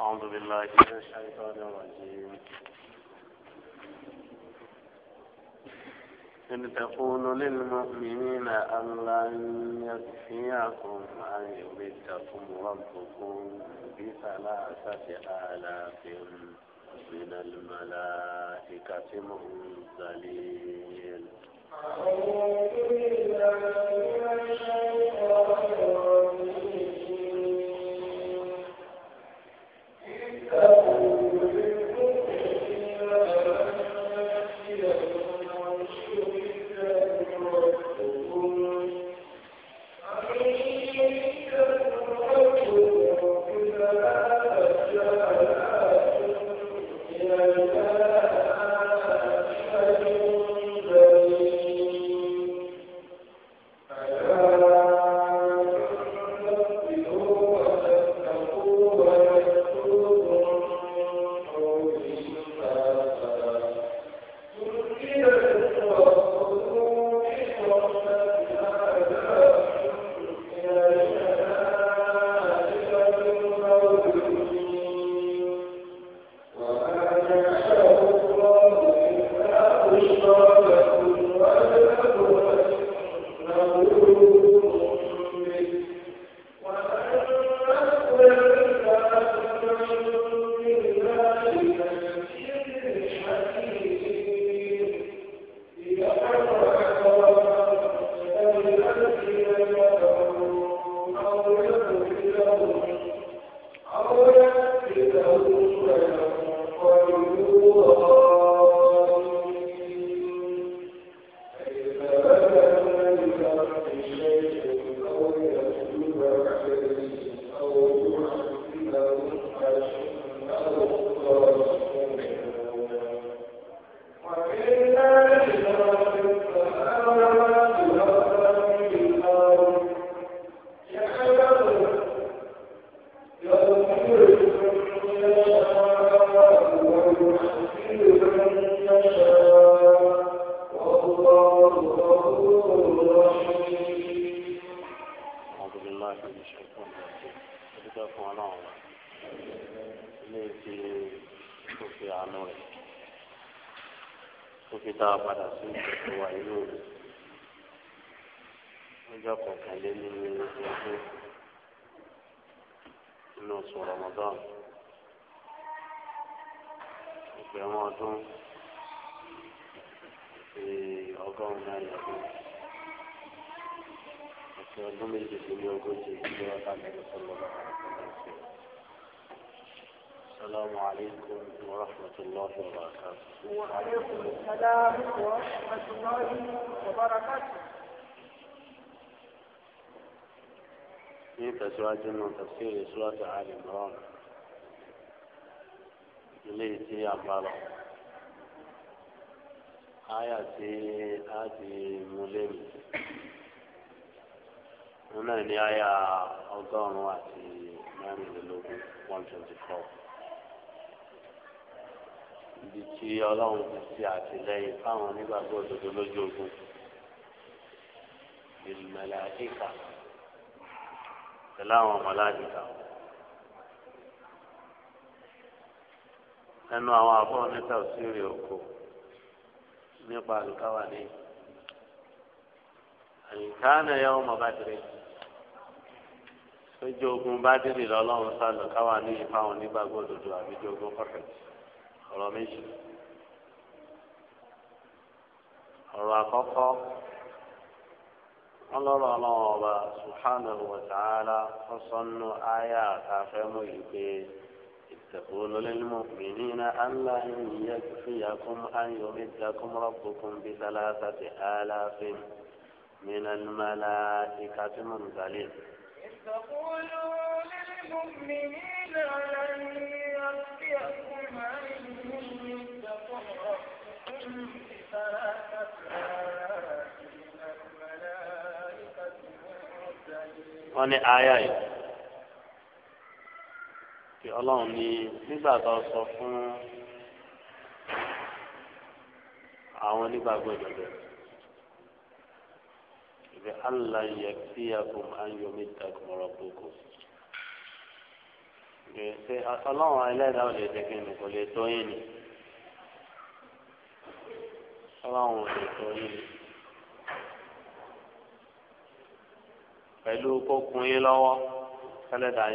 أعوذ بالله من الشيطان الرجيم إن تقول للمؤمنين أن لن يكفيكم أن يمدكم ربكم بثلاثة آلاف من الملائكة منزلين أعوذ بالله من الشيطان ọdún méje sí ní ogójì ní ọ̀tá mẹ́rin tó lọ́wọ́ السلام عليكم ورحمة الله وبركاته. وعليكم السلام ورحمة الله وبركاته. في تسواج من تفسير سورة آل عمران. eléyìí tí a bá lọ àyà tí a òun náà ní àyà ọgọ́rùn-ún àti mẹ́rìnlélógún one twenty four ibi tí ọlọ́run ti ṣe àtìlẹ́yìn fáwọn onígbàgbọ́ òdodo lójú ogun ìlúmẹ̀lẹ̀ àkíkà pẹ̀lú àwọn ọmọláàdìkà. ẹnu àwọn àbọ̀ níta òsèré oko nípa àlùkáwà ní àyíká náà yẹ ọmọ bá tẹ̀lé sójú ogun bá délé lọ́lọ́run sálọ káwa ní ìfáwọn onígbàgbọ́ òdodo àbíjú ogun prophet ọ̀rọ̀ méjì ọ̀rọ̀ àkọ́kọ́ wọn lọ́rọ̀ ọlọ́run ọba subhanahu wa ta'ala fọ́sọ́nù àyà àtàfẹ́mú yìí pé ìtẹ̀kùn lọ́lẹ́lẹ́mọ̀ pé nínú àlá ìyá fìyàkùn ayọ̀mẹ́dàkùn rọ́bùkùn bíi sálásà ti àlàáfíà nínú mọ́lá ìkàtúmọ̀ nìgbàlẹ́. فقولوا للمؤمنين لن يكفيكم أن يمدكم ربكم بثلاثة wọ́n ní aya yìí kí ọlọ́run ní nígbà tó sọ fún àwọn onígbàgbọ́ ìdọ̀dọ̀. بألا يكفيكم أن يمدكم ربكم ṣe ọlọ́run ẹlẹ́dàá ò lè jẹ́ kí lè tó yín ni ọlọ́run lè tó yín ni pẹ̀lú kó kun yín lọ́wọ́ ẹlẹ́dàá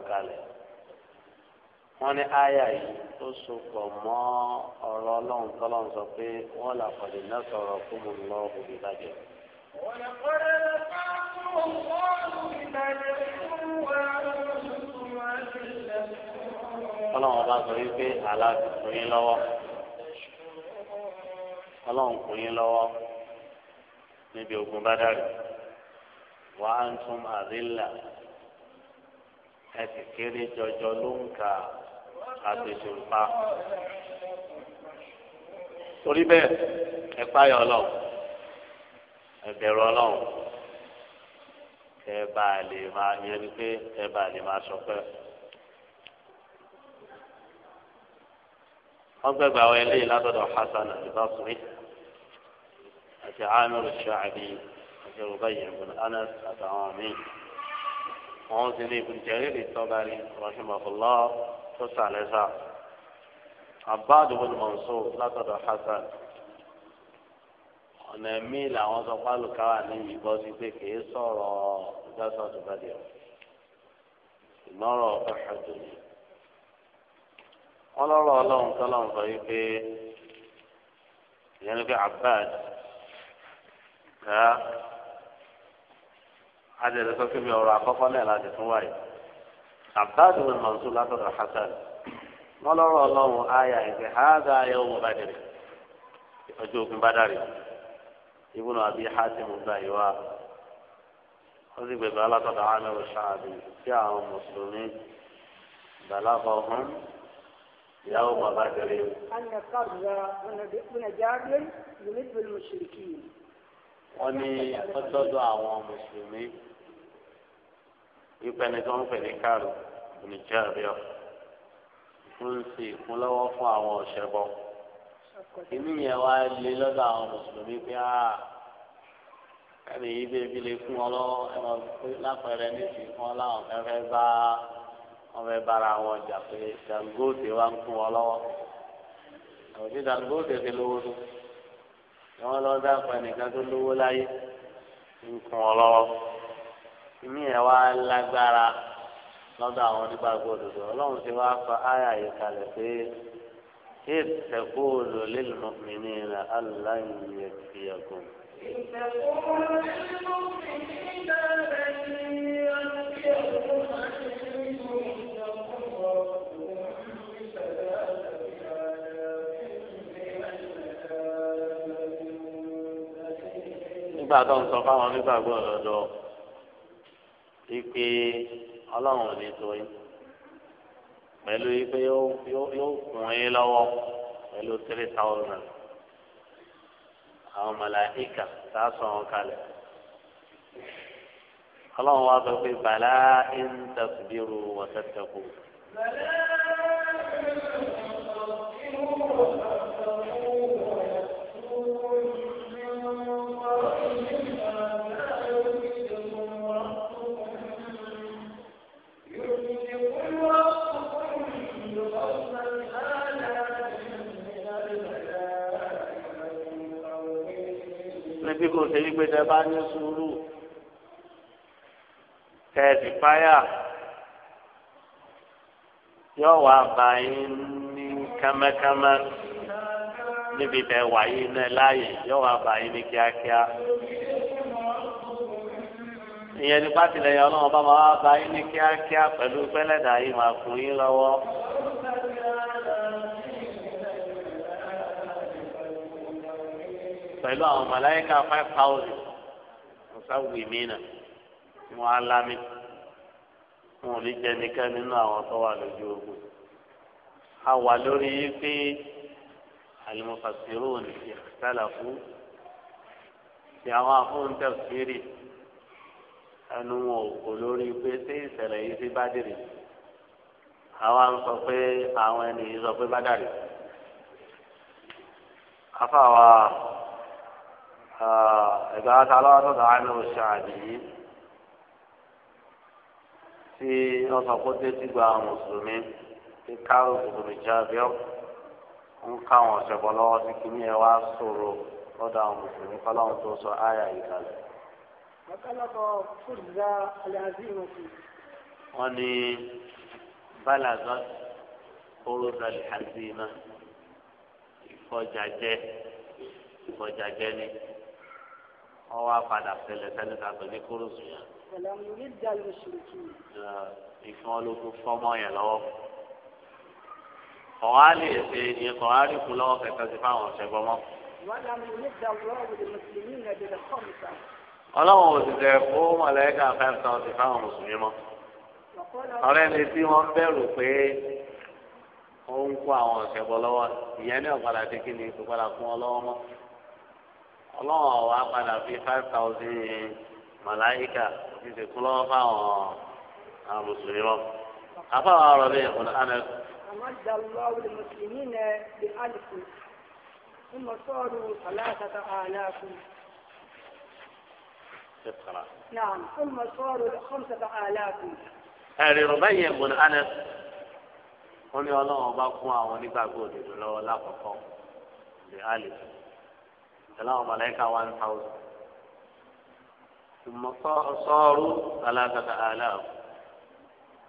yín kun wọ́n ní àyà yìí ó sopọ̀ mọ́ ọ̀rọ̀ ọlọ́run tọ́lọ́run sọ pé wọ́n là pàdé náà sọ̀rọ̀ fún mi lọ òbí bàjẹ́. ọlọ́run ọba sọ wípé aláàbí kún yín lọ́wọ́ ọlọ́run kún yín lọ́wọ́ níbi ogun bá dàrí wàá ń tún àrílà ẹ sì kéré jọjọ ló ń kà á àtẹ̀sẹ̀ òpá. torí bẹ́ẹ̀ ẹ páyọ̀ ọlọ́run ẹ bẹ̀rù ọlọ́run kẹ bá a lè máa yẹ ni pé kẹ bá a lè máa sọpẹ́. wọ́n gbẹ̀gbẹ̀ àwọn eléyìí látọ̀dọ̀ Hasan al-Basri àti Amir al àti Rubayy ibn Anas àtàwọn míì. wọ́n sì ní ibùdó lè tọ́ bá rí tó sàlẹ̀ sá abáàdù bọ́lú mọ̀nsó látọ̀dọ̀ hasan ọ̀nà ẹ̀mí làwọn sọ pálùkáwà ní ìbọn sí pé kì í sọ̀rọ̀ ìdásọ̀ tó bá dé o ìmọ̀ràn ọ̀fẹ́ ṣàjò ni wọ́n lọ́rọ̀ ọlọ́run tọ́lọ́run sọ yìí pé ìyẹn ló fi abáàd ká adìrẹ sọ pé mi ọ̀rọ̀ àkọ́kọ́ náà láti tún wáyé. عباد من منصور عبد الحسن ما لرى الله آية هذا يوم بدر أجوك بدر ابن أبي حاتم الدايوا هذه ببلاغة عامر والشعب، يا المسلمين بلغهم يوم بدر أن قرض من جابر يمد المشركين وأني قد àwọn mùsùlùmí ìpẹni tó ń pè ní káàrò oníjẹ àbíọ ń ṣe ìkúnlọ́wọ́ fún àwọn ọ̀ṣẹ́bọ ìní yẹn wá lé lọ́dọ̀ àwọn mùsùlùmí pé á ẹni yìí bí ebi lè fún ọ lọ ẹnà lápẹẹrẹ níbi fún ọ láwọn fẹfẹ bá wọn fẹ bára wọn jà pé Dangote wa ń fún ọ lọ́wọ́ àwọn Dangote ti lówó tó ni wọn lọ tó lówó láyé ń fún ọ lọ́wọ́ ìmí ẹ̀ wá lágbára lọ́dọ̀ àwọn onígbàgbọ́ òdòdó ọlọ́run ti wá fa áyà yìí kalẹ̀ pé إذ تقول للمؤمنين ألن يكفيكم إذ تقول للمؤمنين ألن يكفيكم nígbà tó ń sọ fáwọn nígbàgbọ́ ọ̀dọ́ wípé ọlọ́run ò ní tó yín pẹ̀lú wípé yóò kún yín lọ́wọ́ pẹ̀lú three thousand àwọn màláíkà tá a sọ wọn kalẹ̀ ọlọ́run wá sọ pé bàlá ń tẹ̀síbírù wọ́n tẹ̀síbírù. wípé tẹ bá ní sùúrù tẹ sì páyà yóò wá bá yín ní kámákámá níbi tẹ wà yín náà láàyè yóò wá bá yín ní kíákíá ìyẹn ní pátìlẹ́yìn ọlọ́run bá máa bá yín ní kíákíá pẹ̀lú pẹ́lẹ́dà yìí máa fún yín lọ́wọ́. pẹ̀lú àwọn màláyíkà five thousand ọ̀sáwùí mìíràn tí wọ́n á lámì wọn ò ní jẹ nìkan nínú àwọn tó wà lójú ogun. a wà lórí pé àlùmọ̀fàṣírò ní ìkàtàlà fún ti àwọn afúntẹ̀ fírì ẹnu wọn ò lórí pé ṣé ìṣẹ̀lẹ̀ yìí ti bá dìrì àwa ń pé àwọn ènìyàn sọ pé bá dàrí. afáwa ẹ̀gbọ́n ta lọ́wọ́ tó dáa ní oṣù àdìyí tí wọ́n sọ pé tẹ́tí gba àwọn mùsùlùmí tí kárò kùtùmí jáde ọ́ ń káwọn ọ̀sẹ̀bọ̀ lọ́wọ́ sí kí ní ẹ wá sọ̀rọ̀ lọ́dọ̀ àwọn mùsùlùmí kọ́láwọn tó sọ áyà yìí kalẹ̀. wọ́n ní balagan orúkọ alhazima ìfọjàjẹ ìfọjàjẹ ni wọ́n wá padà tẹ̀lé tẹ́lẹ̀ tàbí ní kúrúsù yẹn. ìfún ológun fọ́mọ yẹn lọ́wọ́. ọ̀hún á lè ṣe ìyẹn kan á rí kú lọ́wọ́ kẹta sí fáwọn ọ̀sẹ̀ gbọmọ. ọlọ́run ò sì tẹ̀ fún mọ̀lẹ́kà five thousand fáwọn mùsùlùmí mọ́. ọ̀rẹ́ mi tí wọ́n bẹ̀rù pé ó ń kó àwọn ọ̀sẹ̀ bọ́ lọ́wọ́ ìyẹn ní ọ̀padà tí kí ni kò fún ọ ọlọ́run ọ̀wá padà fi five thousand màláìkà ti ṣe kú lọ́wọ́ fáwọn àwọn mùsùlùmí lọ. afáwọn ọ̀rọ̀ mi ọ̀nà àná. أمد الله المسلمين بألف ثم صاروا ثلاثة آلاف نعم ثم صاروا خمسة آلاف ẹ̀rí rọ̀bẹ́yẹ bùn ánẹ́ wọ́n ní ọlọ́run ọba kún àwọn onígbàgbọ́ òdodo lọ́wọ́ lákọ̀ọ́kọ́ the alice tala àwọn mọ̀lẹ́kà one thousand tùmọ̀ sọ́ọ̀rù alágbàtà aláà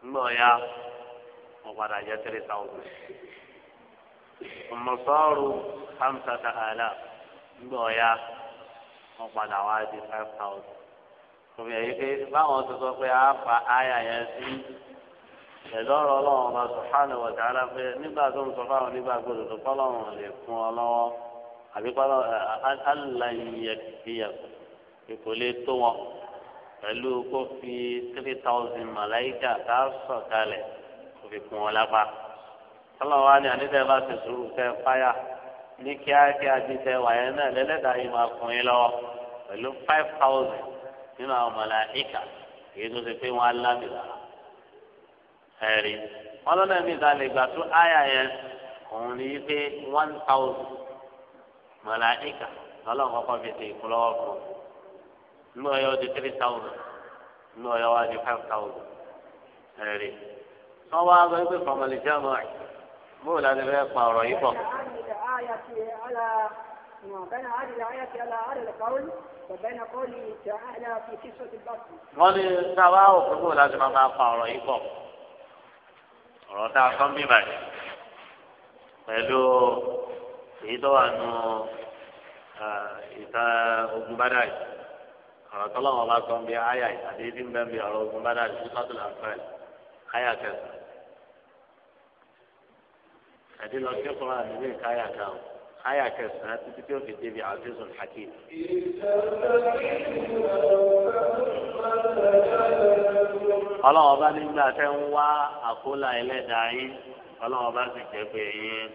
ńgbà ọ̀yà wọ́n padà jẹ́ three thousand tùmọ̀ sọ́ọ̀rù hamsata aláà five thousand fa àbí kọ́lọ́ alayẹ̀kìyà kò lè tó wọn pẹ̀lú kó fi three thousand malayika ká sọ̀ kalẹ̀ kó fi kún wọn lápá. kọ́lọ́ wa ni àníbẹ̀ bá ti sùúrù kẹ́ fáyà ní kíákíá ti tẹ wàyẹn náà lẹ́lẹ́dàá yìí máa kún yín lọ́wọ́ pẹ̀lú five thousand nínú àwọn malayika èyí tó ti pé wọn alámì lára ẹ̀rí wọn lọ́nà mi ta lè gbà tó àyà yẹn òun ní pé one thousand mọ̀láìkà lọ́lọ́run kọ́kọ́ fi ṣe ìkúlọ́wọ́ fún un inú ọyọ́ di three thousand inú ọyọ́ wa di five thousand ẹ̀rí wọ́n wá lọ wípé fọmọlì jáàmù àì bóò láti fẹ́ pa ọ̀rọ̀ yìí pọ̀. wọ́n ní sábà òkú bóò láti máa máa pa ọ̀rọ̀ yìí pọ̀ ọ̀rọ̀ tá a sọ ń bí báyìí pẹ̀lú. èyí tó wà nù ìta ogun bádàì ọ̀rọ̀ tọ́lọ́wọ́n bá sọ ń bí àyà àti ìdí ń bẹ́ bí ọ̀rọ̀ ogun bádàì sí sọ́tò làǹfààní àyà kẹsàn. àti lọ sí ọkùnrin àti ìwé ìka kan kẹsàn títí tí ó fi débi bá nígbà tẹ́ ń wá àkólà ẹlẹ́dàá yín. ọlọ́run bá sì jẹ́ pé yín.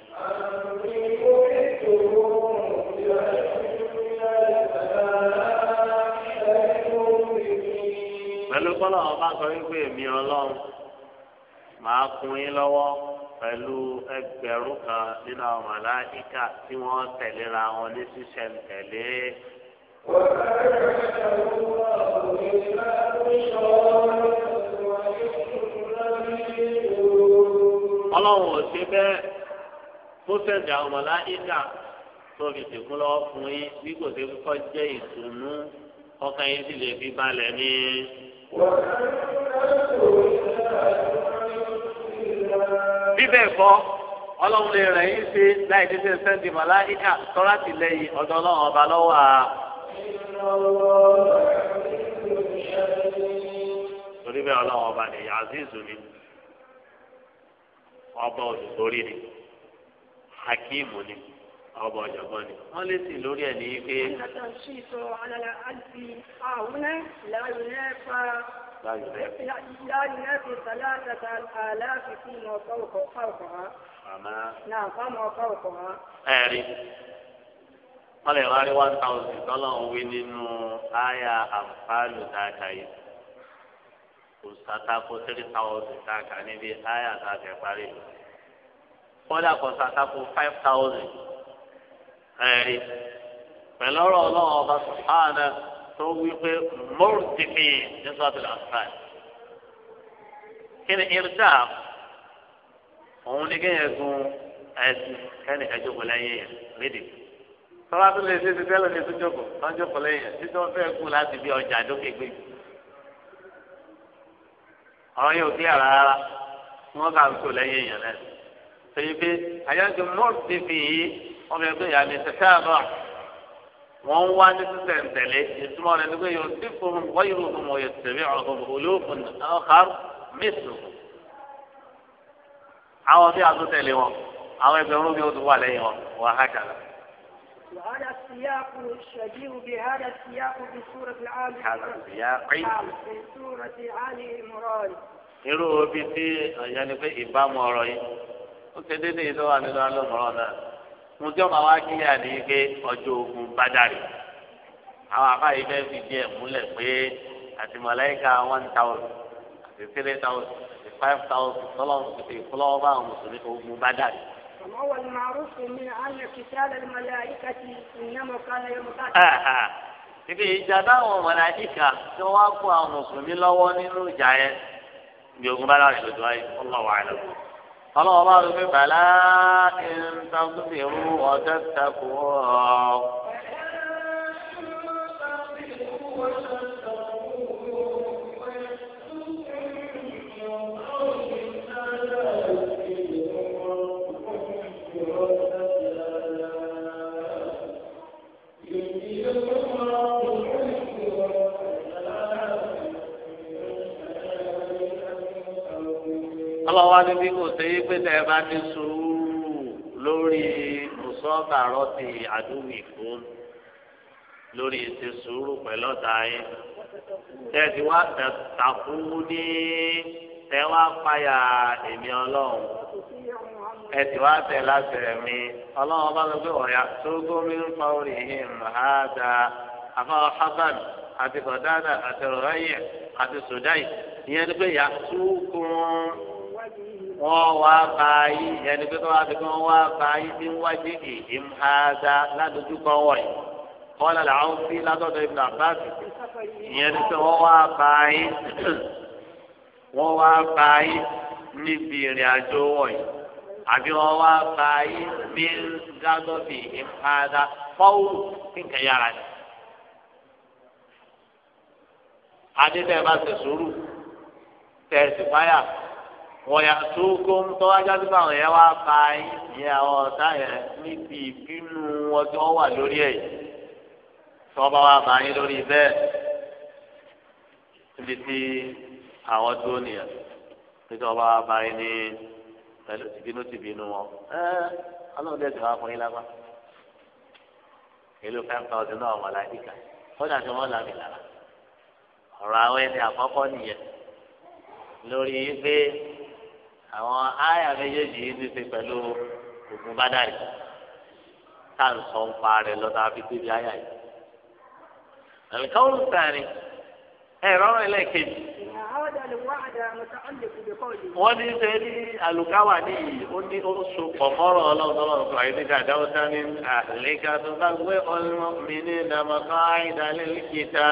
pẹ̀lú kọ́lọ́ ọba sọ wípé èmi ọlọ́run màá kún yín lọ́wọ́ pẹ̀lú ẹgbẹ̀rún kan nínú àwọn màláìka tí wọ́n tẹ̀léra wọn ní ṣíṣẹ̀ntẹ̀lé. wọ́n fẹ́ẹ́ rẹ̀ ṣe àwọn ọmọ ọ̀gbìn náà. ọlọ́run ò ṣe bẹ́ẹ̀ tó sẹ̀dá ọmọlá ìdá tó fi sìnkú lọ́wọ́ fún yín bí kò ṣe kọ́ jẹ́ ìtùnú ọkàn yín sì lè fi balẹ̀ ní. bíbẹ̀ kọ́ ọlọ́run lè rẹ̀ yín láì sẹ́ndì lẹ́yìn ọlọ́run ọba lọ́wọ́ ọlọ́run ọba ọba olùsorí ni hakimu ni ọba ọ̀jọ̀gbọ́n ni wọ́n lè sìn lórí ẹ̀ ní pé. لا ينافي ثلاثة آلاف فيما فوق فوقها. نعم فما فوقها. أعرف. قال يا غالي 1000 دولار وين إنه آية أمثال ذاك kò sàtàkó three thousand tá a kà níbi àyà tá a kẹ parí kódà kò sàtàkó five thousand ẹ̀rí pẹ̀lú ọ̀rọ̀ ọlọ́run ọba sùhánà tó wí pé mọ́rùtìmí nígbà tó lọ sàn kí ni irda òun ni kéèyàn gun ẹsìn kẹ́ni ẹjọ́kọ̀ lẹ́yìn yẹn lédè tọ́lá tó lè ṣe ti tẹ́lẹ̀ ní tó jókòó tó ń yẹn títí wọ́n fẹ́ kú láti bí ọjà dókè gbé ọ̀rọ̀ yóò fi ara rárá tí wọ́n kà ń tò lẹ́yìn èèyàn náà sèyí pé àyájọ mọ́ọ̀tì fi yí wọ́n fẹ́ pé ìyàmì tẹ̀sẹ̀ àbọ̀ wọ́n ń wá ní sísẹ̀ ń tẹ̀lé ìtumọ̀ rẹ̀ nígbà yóò ti fún un wáyé òkun mọ̀ yóò tẹ̀lé ọ̀gbọ̀n olóòfin ọ̀kàrù mẹ́sùn. àwọn tí a tún tẹ̀lé wọn àwọn ẹgbẹ̀rún bí ó ti wà lẹ́yìn wọn wà á kàlà. وهذا السياق يشبه بهذا السياق في سورة العام هذا السياق في سورة آل عمران irú obi tí ọ̀yọ́ pé ìbámu ọ̀rọ̀ yìí ó ṣe déédéé yìí tó wà nínú alómọ̀rọ̀ náà mo wá pé ogun bá dàrí àwọn àbáyé fẹ́ fi díẹ̀ múlẹ̀ pé àti mọ̀lẹ́kà one thousand àti three thousand àti five thousand mùsùlùmí ogun وهو المعروف من أن قتال الملائكة إنما كان يوم القيامة ibi ìjà táwọn mọ̀láyíkà tí wọ́n á kó àwọn mùsùlùmí lọ́wọ́ nínú ìjà yẹn bí ogun bá láti lòdù ayé ọlọ́wọ́ àlọ́ ọlọ́wọ́ bá lóbi bàlá ìntàkùnbìrú ọ̀dẹ́tàkùn ọ̀ọ́. ọlọ́ba wa ní bí kò ṣe é pé tẹ́ ẹ bá ní sùúrù lórí mùsọ́ọ̀kà rọ́ọ̀tì àdúgbò ìfún lórí ètò sùúrù pẹ̀lú ọ̀tá yín tẹ́ ẹ ti wá tàkú ní tẹ́ wá páyà èmi ọlọ́run ẹ ti wá tẹ̀ láti ẹ̀mí ọlọ́run bá lọ pé ọ̀yà tó gómi ń pa orí him hàdà àfọwọ́ hasan àti kọ̀dáàdà àti rọ̀ráyè àti sùdáì ìyẹn ni pé yà tó kún un wọ́n wá bá yí ẹni pé kọ́ wá fi kọ́ wá bá yí tí ń wájú ìhìm haza ládojúkọ wọ̀nyí kọ́lá làwọn fi látọ̀dọ̀ ibùdó àbáàbí ìyẹn ni pé wọ́n wá bá yí wọ́n wá bá yí níbi ìrìn àjò wọ̀nyí àbí wọ́n wá bá yí bí gádọ́ bí ìhìm fọ́wù kíkẹ́ yára ni. adé tẹ́ ẹ bá ṣe sùúrù tẹ́ ẹ sì fáyà wọ́n yà tó kó ń tọ́ ajá tó bá àwọn yẹn wá pa yín àwọn ọ̀tá yẹn níbi ìbínú ọjọ́ wà lórí ẹ̀ tọ́ bá wà bá yín lórí bẹ́ẹ̀ níbi tí àwọn tó nìyẹn níbi tọ́ bá wà bá yín ní pẹ̀lú tìbínú tìbínú wọn ẹ́ ọlọ́run dẹ̀ ti wá fún yín lápá ìlú five thousand náà wà ládìkà kọ́dà tí wọ́n là lára ọ̀rọ̀ àwọn ẹni àkọ́kọ́ nìyẹn lórí pé àwọn àyà méjèèjì yìí ti ṣe pẹ̀lú ògùn bádàrí tá à ń sọ ń pa rẹ̀ lọ́dọ̀ abíkú bí àyà yìí. àlùkáwùrù sàárín ẹ̀rọ ẹlẹ́kejì. wọ́n ní ṣe ní àlùkáwà ní yìí ó ní ó so pọ̀mọ́rọ̀ ọlọ́ọ̀dọ́rọ̀ ọ̀gbà yìí nígbà dáwọ́ sáré àlékà tó bá gbé ọlọ́mìnì nàmọ́ká ìdálẹ́lẹ́kìtà.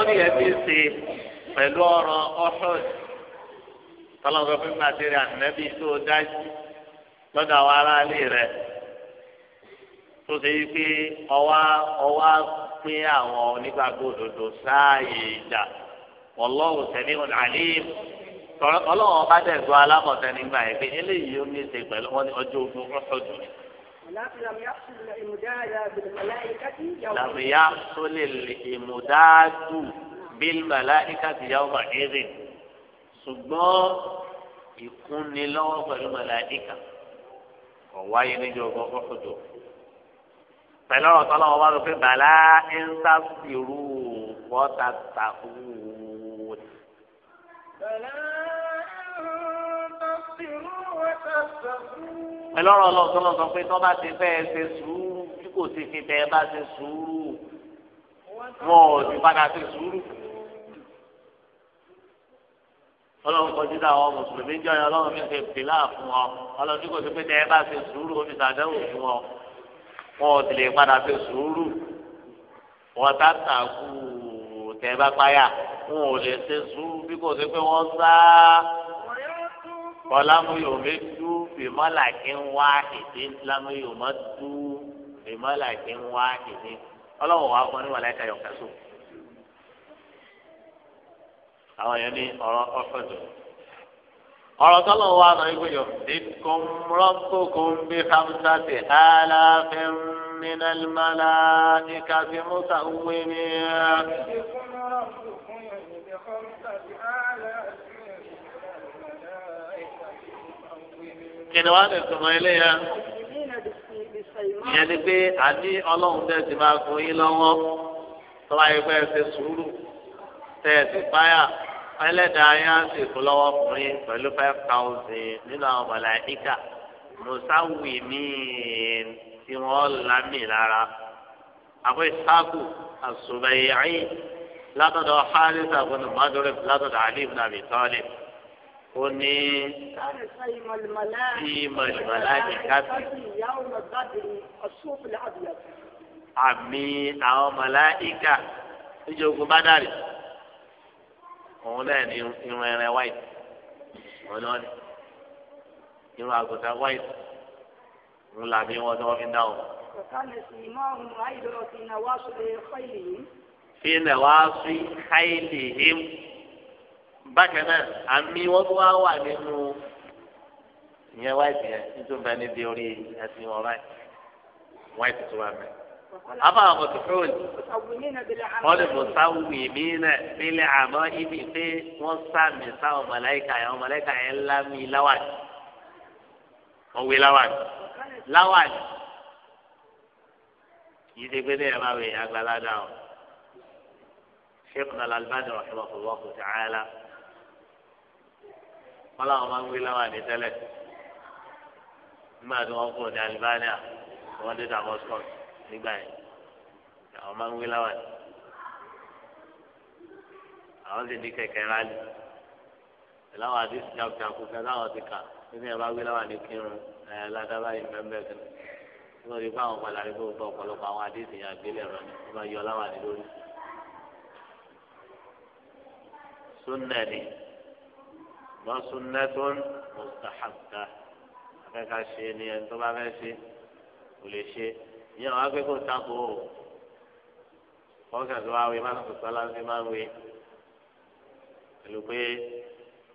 ó ní ẹbí ṣe pẹ̀lú ọ̀rọ̀ ọ̀hún tọ́lọ́sọ fún màtírí ànẹ́bí tó dájú lọ́dọ̀ àwọn aráalé rẹ̀ tó ṣe yí pé ọwá ọwá pé àwọn onígbàgbọ́ òdodo sáàyè ìjà ọlọ́run tẹ̀lé ọ̀nà àlíyìn ọlọ́run ọba dẹ̀ gbọ́ alámọ̀tẹ́ nígbà yẹn pé eléyìí ó ní í ṣe pẹ̀lú wọn ọjọ́ ogun ọ̀ṣọ́dún لم يحصل الإمداد بالملائكة لم يحصل الإمداد بالملائكة يومئذ ṣùgbọ́n ìkúnni lọ́wọ́ pẹ̀lú màláìkà kò wáyé níjọ́ gbọ́gbọ́ fòjò pẹ̀lú ọ̀rọ̀ tọ́lá wọn bá lọ pé bàlá ń sá ìrú wọ́tà tà wúwo. bàlá ń sá ìrú wọ́tà tà wúwo pẹ̀lú ọ̀rọ̀ ọlọ́sọ́lọ́ sọ pé tọ́ba ti fẹ́ ṣe sùúrù tí kò sì fi tẹ́ ẹ bá ṣe sùúrù wọn ò sì padà ṣe sùúrù. ọlọ́run kọjú dá àwọn mùsùlùmí jọ yẹn ọlọ́run mi ṣe bìlà fún ọ ọlọ́run tí kò sí pé tẹ́ ẹ bá ṣe sùúrù omi ṣàdéhùn fún ọ wọn ò sì lè padà ṣe sùúrù wọn tá tàkù tẹ́ ẹ bá páyà wọn ò lè ṣe sùúrù bí kò sí pé wọ́n sá ọlámúyòmí dúró bìmọ́là kí ń wá èdè lámú yóò má tú bìmọ́là kí ń wá èdè ọlọ́wọ́ wa fún ní màláìka yọ̀ kásò. àwọn yẹn ní ọ̀rọ̀ ọ̀fọ̀dọ̀ ọ̀rọ̀ tọ́lọ̀ wa sọ wípé yọ̀ dínkùn rọ́kùnkùn bí hamsa ti hàlà fẹ́ mìíràn mọ́lá ní káfí mọ́tà kìnìún wa lè sọmọ ilé yẹn ìyẹn ni pé àní ọlọ́run tẹ̀ sí máa fún yín lọ́wọ́ tọ́lá yìí fẹ́ ṣe sùúrù tẹ̀ sí páyà ẹlẹ́dàá yẹn á sì fún lọ́wọ́ fún yín pẹ̀lú five thousand nínú àwọn màláíkà mùsáwì míín tí wọ́n lámì lára àbọ̀ ìsáàkù àṣùbẹ̀yẹ̀ ayé látọ̀dọ̀ hálísà fún mọ́dúró látọ̀dọ̀ àlíf nàbì tọ́lẹ̀ ó ní tí mọ̀lẹ́mọ̀láyì kábí àmì àwọn mọ̀láyìíkà níjẹ́ ogun bá dàrí òun náà ní irun ẹran white òun náà ní irun àgùntàn white òun làmì wọn tí wọ́n fi ń dáhùn. fi nàwá sí káyìlì hìm bákan náà àmì wọn tó wá wà nínú ìyẹn wáìtì yẹn nítorí bẹ́ẹ̀ níbi orí ẹ̀sìn wọn báyìí wáìtì tó wà mẹ́. àbá àwọn mọ̀tòkòrò wọn lè mọ̀ sáwùmí mí náà nílé àmọ́ ibi pé wọ́n sàmì sáwọn mọ̀láìkà yẹn mọ̀láìkà yẹn ńlá mi láwàdì wọ́n wé láwàdì láwàdì yìí ṣe pé ní ẹ̀ máa àgbàlá dáhùn. شيخنا الألباني رحمه الله تعالى wọn làwọn máa ń wí láwọn àdé tẹ́lẹ̀ nígbà tí wọ́n kúrò ní Albania wọ́n dé Damascus nígbà yẹn àwọn máa ń wí láwọn àdé àwọn sì ní kẹ̀kẹ́ rálì láwọn àdé sì jáde àkókò láwọn ti kà nínú ẹ̀ bá wí láwọn àdé kírun ẹ̀ ládàbà yìí mẹ́mbẹ́ kan nígbà tí báwọn padà rí gbogbo ọ̀pọ̀lọpọ̀ àwọn àdé sì yàn gbélé rẹ̀ ni wọ́n yọ láwọn àdé lórí. sunnah ni. وسنة مستحبة أكاكا شيء نيان تبا ماشي ولي شيء نيان أكاكا تابو kọ́ńtà tó wá wí má lọ́kùn sọ́lá ń fi máa ń wí pẹ̀lú pé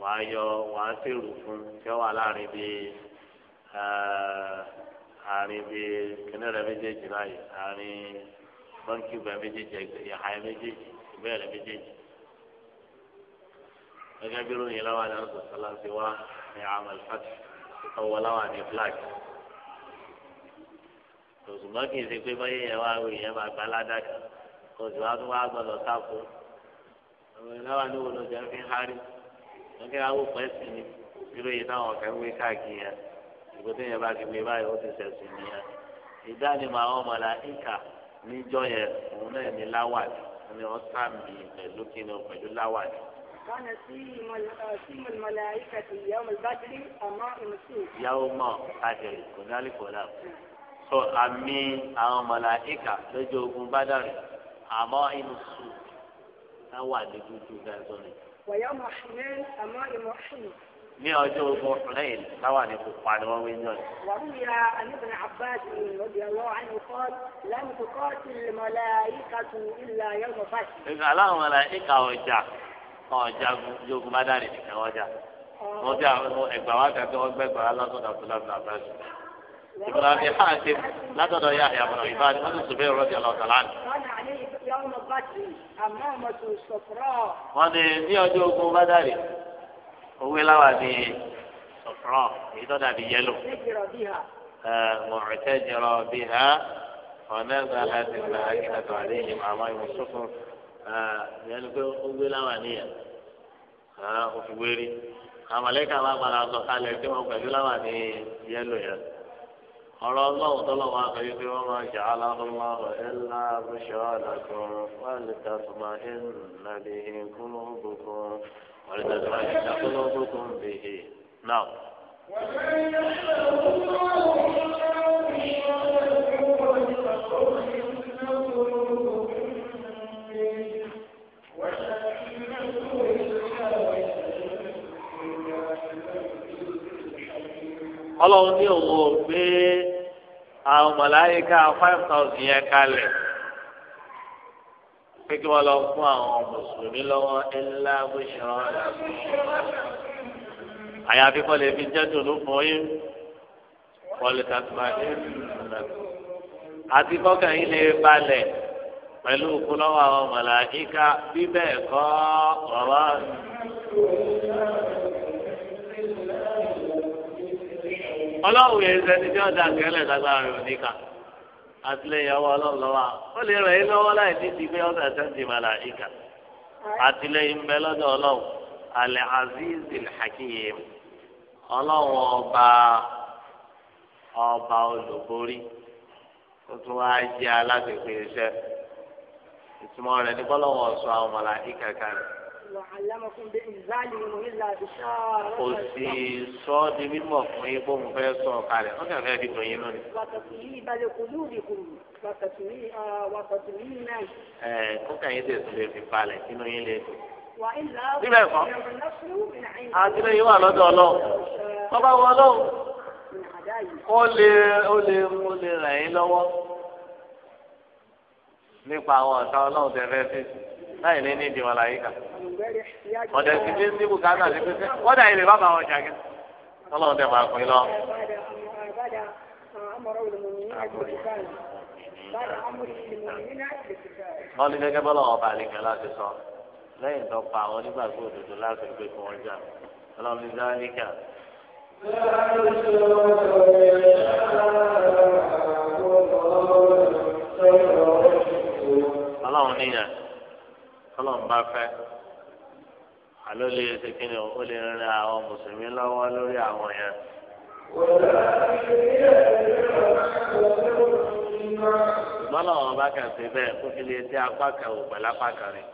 wàá yọ wàá sèrò fún tí ó wà láàrin bíi àárín bíi kíní rẹ méjèèjì láàyè àárín bọ́ńkì rẹ méjèèjì ẹ̀yà ẹ méjèèjì ìbéèrè méjèèjì gẹ́gẹ́ bí ròyìn láwa ní ọ̀sán sọláńtì wa ní amal fati ọwọ́ láwa ní flag tòṣùmọ́ kì í ṣe pé báyé yẹn wá ròyìn yẹn máa gbá ládàkà kò sì wá tún wá gbọdọ̀ sáfù ọ̀rọ̀ láwa ní wọlé ọjà fi hárí gẹ́gẹ́ awó pẹ́ sí ni ìròyìn táwọn ọ̀kẹ́ ń wé káàkiri yẹn ìgbésí yẹn bá ti wé báyìí ó ti ṣẹ̀sìn nìyẹn ìdánimọ̀ àwọn ọmọlá ìkà níjọ́ yẹn òun náà ní láwàdì ni wọ́n sàmì pẹ̀lú kíni pẹ̀lú láwàdì. كان سيم سيم الملائكة يوم البدر أمام السوق يوم البدر هنالك ولا so àmì àwọn mọ̀láìkà lójú ogun bádàrí àmọ́ inú sùn náà wà ní dúdú gẹ́gẹ́ ni. wàyà mọ̀ṣúnẹ́ àmọ́ ìmọ̀ṣúnù. ní ọjọ́ ogun ṣùnẹ́yìn táwa ní pupa ni wọ́n wí ní ọ̀yìn. wàhùyà anígbìn abbas ìròbì ọlọ́ àyùkọ́ lẹ́nu kọ́ọ̀tì mọ̀láìkà tù ilà yọ̀mọ̀fàṣì. ìgbà láwọn mọ̀láìkà ọjà wọn jagun jogun bá dàrí nìkan wọn jà wọn jà ẹgbà wa kàkẹ́ wọn gbẹgbà alásọ̀dà fúlàfúlà abúlásù ìbùdó àti hàṣẹ látọ̀dọ̀ yà àyà àbùrọ̀ ìbáraẹni wọn sì sùbẹ́ ìrọ̀ bíi ọlọ́ọ̀tà lánàá. wọn ní ní ọjọ́ ogun bá dàrí owó láwà ní sọ̀fúrọ̀ èyí tó dàbí yẹ́lò mọ̀rẹ̀tẹ́jọrọ̀ bíi ha ọ̀nẹ́gbà láti gbà ákìlẹ̀ tó àdéhìí màmá ìwọ̀n sọ̀fúrọ̀ ìyẹn ah, ni pé ó gbé láwọn àníyàn òfin wéré àmàlẹ́kà wa gbàdá sọ kalẹ̀ tí wọ́n pẹ̀lú láwọn àní yẹ́lò yẹn ọ̀rọ̀ ọlọ́run tọ́lọ́wọ́ àgbáyé pé wọ́n máa jà á lọ́wọ́ ẹ̀la rúṣọ́ àdàkùn wàlìkà tùmọ̀ ẹ̀nàdì ìkúnú gbogbo wàlìkà tùmọ̀ ìdàkúnú gbogbo ń bèèrè náà. Thank you ọlọ́run ní òun ò gbé àwọn mọ̀láyíká five thousand yẹn kalẹ̀ pé kí wọ́n lọ fún àwọn mùsùlùmí lọ́wọ́ ńlá bó ṣe rán ọ́nà. àyàfi kọ́ lè fi jẹ́ dùnú fún yín wọ́n lè tàbí máa ní ìlú àti kọ́kàn yín lè balẹ̀. pẹ̀lú kúlọ́wọ́ àwọn màláíkà bíbẹ̀ ẹ̀kọ́ ọ̀rọ̀. ọlọ́run yẹn sẹ́ni tí wọ́n da kẹ́lẹ̀ lágbára rẹ̀ níkà ọlọ́run lọ́wọ́ ó lè ràn yín lọ́wọ́ láì ní ti pé ọ̀sẹ̀ sẹ́ńtì màláíkà àtìlẹ́yìn bẹ lọ́dọ̀ ọlọ́run alẹ́ hakim ọlọ́run ọba ọba olùborí jẹ́ iṣẹ́. ìtumọ̀ rẹ̀ ní bọ́lá wọn sọ àwọn màláíkà kan. kò sì sọ di mímọ̀ fún yín bó ń fẹ́ sọ kalẹ̀ wọ́n kàn fẹ́ fi dùn yín lónìí. ẹ kókà yín tẹ̀sí lè fi balẹ̀ sínú yín lè fi níbẹ̀ kọ́ àtúnṣe yìí wà lọ́dọ̀ ọlọ́run bọ́bá wọ ọlọ́run ó ó lè ó lè ràn yín lọ́wọ́. nípa àwọn ọ̀tá ọlọ́run tẹ fẹ́ fi láì lé ní ìdìwọ̀n láyé kan. ọ̀dẹ̀ ti dé sí bùkátà sí pé wọ́n dà ilé bàbá wọn jà gẹ́gẹ́ ọlọ́run tẹ máa pín lọ. wọ́n ní gẹ́gẹ́ bọ́lá ọba àlejò láti sọ lẹ́yìn tó pa àwọn onígbàgbọ́ òdodo láti gbé fún wọn jà ọlọ́run ní záníkà. Thank you. ọlọ́run níyàn ọlọ́run bá fẹ́ àló lè ṣe kí ni ó lè rin àwọn mùsùlùmí lọ́wọ́ lórí àwọn yẹn. ṣùgbọ́n làwọn bá kàn sí bẹ́ẹ̀ kó fi lè dé apá kan ò pẹ̀lú apá kan rẹ̀.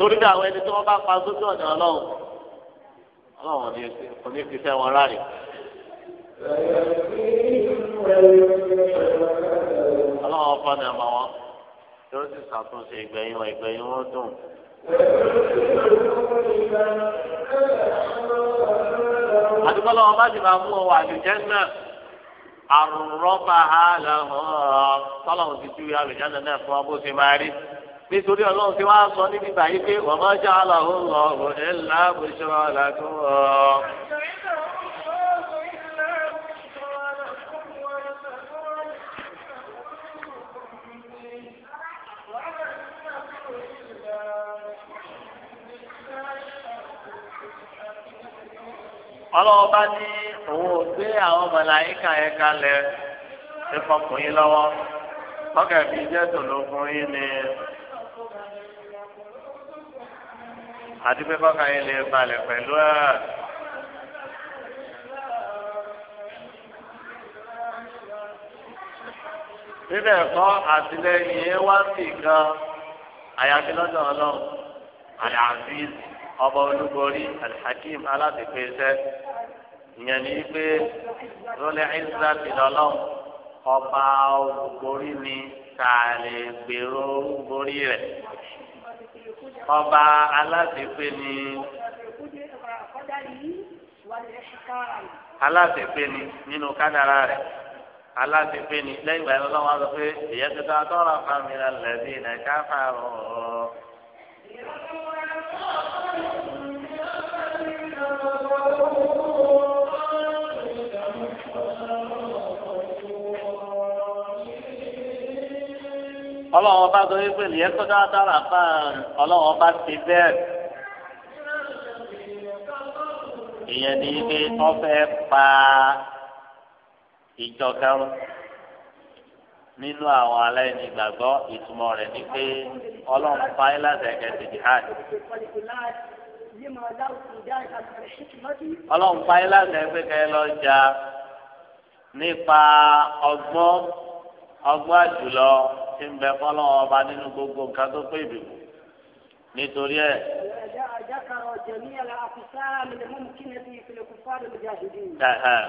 torí náà àwọn ẹni tí wọ́n bá pa sójú ọ̀nà ọlọ́run ọlọ́run ò ní fi fẹ́ wọn ráàyè ọlọ́run ọ̀pá ni àmà wọn tí ó sì ṣàtúnṣe ìgbẹ̀yìn wọn ìgbẹ̀yìn wọn dùn. àdúgbò lọ́wọ́ bá ti máa mú ọwọ́ àlùjẹ́ náà àrùnrọ́bà á lọ́wọ́ tọ́lọ́run ti ju àlùjẹ́ náà fún ọ bó ṣe máa rí nítorí ọlọ́run ti wá sọ níbi báyìí pé wọ́n máa jẹ́ àlàó lọ́wọ́ ẹ̀ láàbùsọ̀ làkúrọ̀. ọlọ́wọ́ bá ní òun ò gbé àwọn mọ̀láyíkà yẹn kalẹ̀ ṣe fọkùnrin lọ́wọ́ kọ́kẹ́ bí jésù ló fún yín ni àti pé kọ́kà yín lè balẹ̀ pẹ̀lú ẹ̀. bíbẹ̀ kọ́ àtìlẹ́yìn yẹn wá sí kan àyàfi lọ́dọ̀ ọlọ́run àyàfi ọba olúborí alhakim aládìpẹ́sẹ́ ìyẹn ní pé lọ́lẹ́ ẹ̀sà ti lọ́lọ́ ọba olúborí ni tá a lè gbèrò olúborí rẹ̀ ọba aládìpẹ́ ni aládìpẹ́ ni nínú kádàrá rẹ̀ aláfẹ́fẹ́ ni lẹ́yìn ìgbà yẹn lọ́wọ́ sọ pé ìyẹn ti ta tọ́ra fámìlà lẹ́bí nàìjíríà fáwọn ọ̀ọ́ ọlọ́wọ́n bá sọ wípé lìyẹ́ tó dáadáa fáàn ọlọ́wọ́n bá ti bẹ́ẹ̀. ìyẹn ni pé wọ́n fẹ́ pa ìjọ kẹrù nínú àwọn aláìní gbàgbọ́ ìtumọ̀ rẹ̀ ni pé ọlọ́run fáyé láti ẹ̀kẹ́ ti jihad. ọlọ́run fáyé láti ẹ̀kẹ́ kẹ́ lọ jà nípa ọgbọ́n ọgbọ́n àjùlọ tí ń bẹ fọlọ́run ọba nínú gbogbo nǹkan tó pé ìbìbò nítorí ẹ.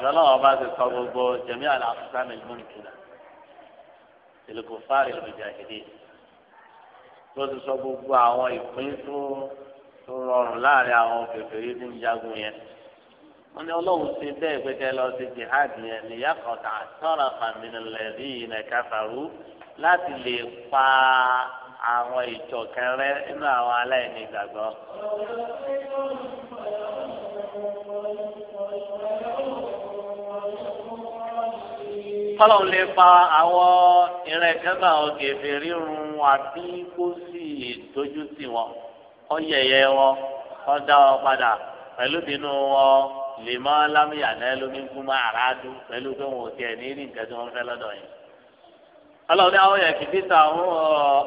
lọ́lọ́wọ́ bá ti sọ gbogbo jẹ̀mí àlàáfíà mi lónìí kìlá tẹlifù fáàrí olùjàhìdì ló ti sọ gbogbo àwọn ìpín tó tó rọrùn láàrin àwọn kèfèrí tó ń jagun yẹn wọn ní ọlọ́run ti bẹ́ẹ̀ pé kẹ́ lọ sí jihad yẹn nìyá kọ̀tà sọ̀rọ̀ fàmìlẹ̀lẹ́rì ilẹ̀ káfàrú láti lè pa àwọn ìjọ kẹrẹ nínú àwọn aláìní ìgbàgbọ́ kọ́lọ́hún lè pa àwọn ìrẹ̀kẹ́gbà òkèèfé rírun àbí kó sì tójú tì wọ́n kọ́ yẹ̀yẹ́ wọn kọ́ dá wọn padà pẹ̀lú bínú wọn lè mọ́ lámìyà náà lómi kú mọ́ àràádú pẹ̀lú pé wọn ò tiẹ̀ ní rí nǹkan tí wọ́n fẹ́ lọ́dọ̀ yìí. kọ́lọ́hún ní àwọn yẹn kìkì ta àwọn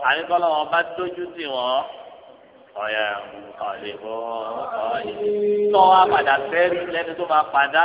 àyíkọ́lọ́ wọn bá tójú tì wọ́n ọ̀yà ọ̀lẹ̀ bọ́ ọ̀yẹ̀ tọ́ wa padà fẹ́ẹ́ lẹ́ni tó máa padà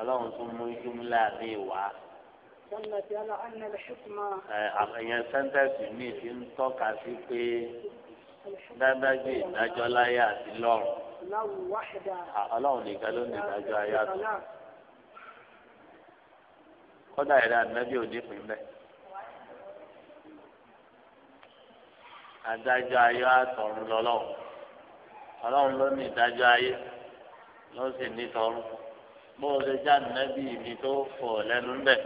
ọlọ́run tún mú júmúlà bí wá. àyàn sẹ́ńtẹ́sì mi ti ń tọ́ka sí pé dádájú ìdájọ́ láyé àti lọ́run. ọlọ́run nìkan ló ní ìdájọ́ ayé àti lọ́run. kódà ìdá ànábì ò pín bẹ́ẹ̀. adájọ́ ayé àtọ̀run lọ́lọ́run ọlọ́run ló ní ìdájọ́ ayé ló sì bó o ṣe já nàbí ibi tó fò lẹ́nu ń bẹ̀.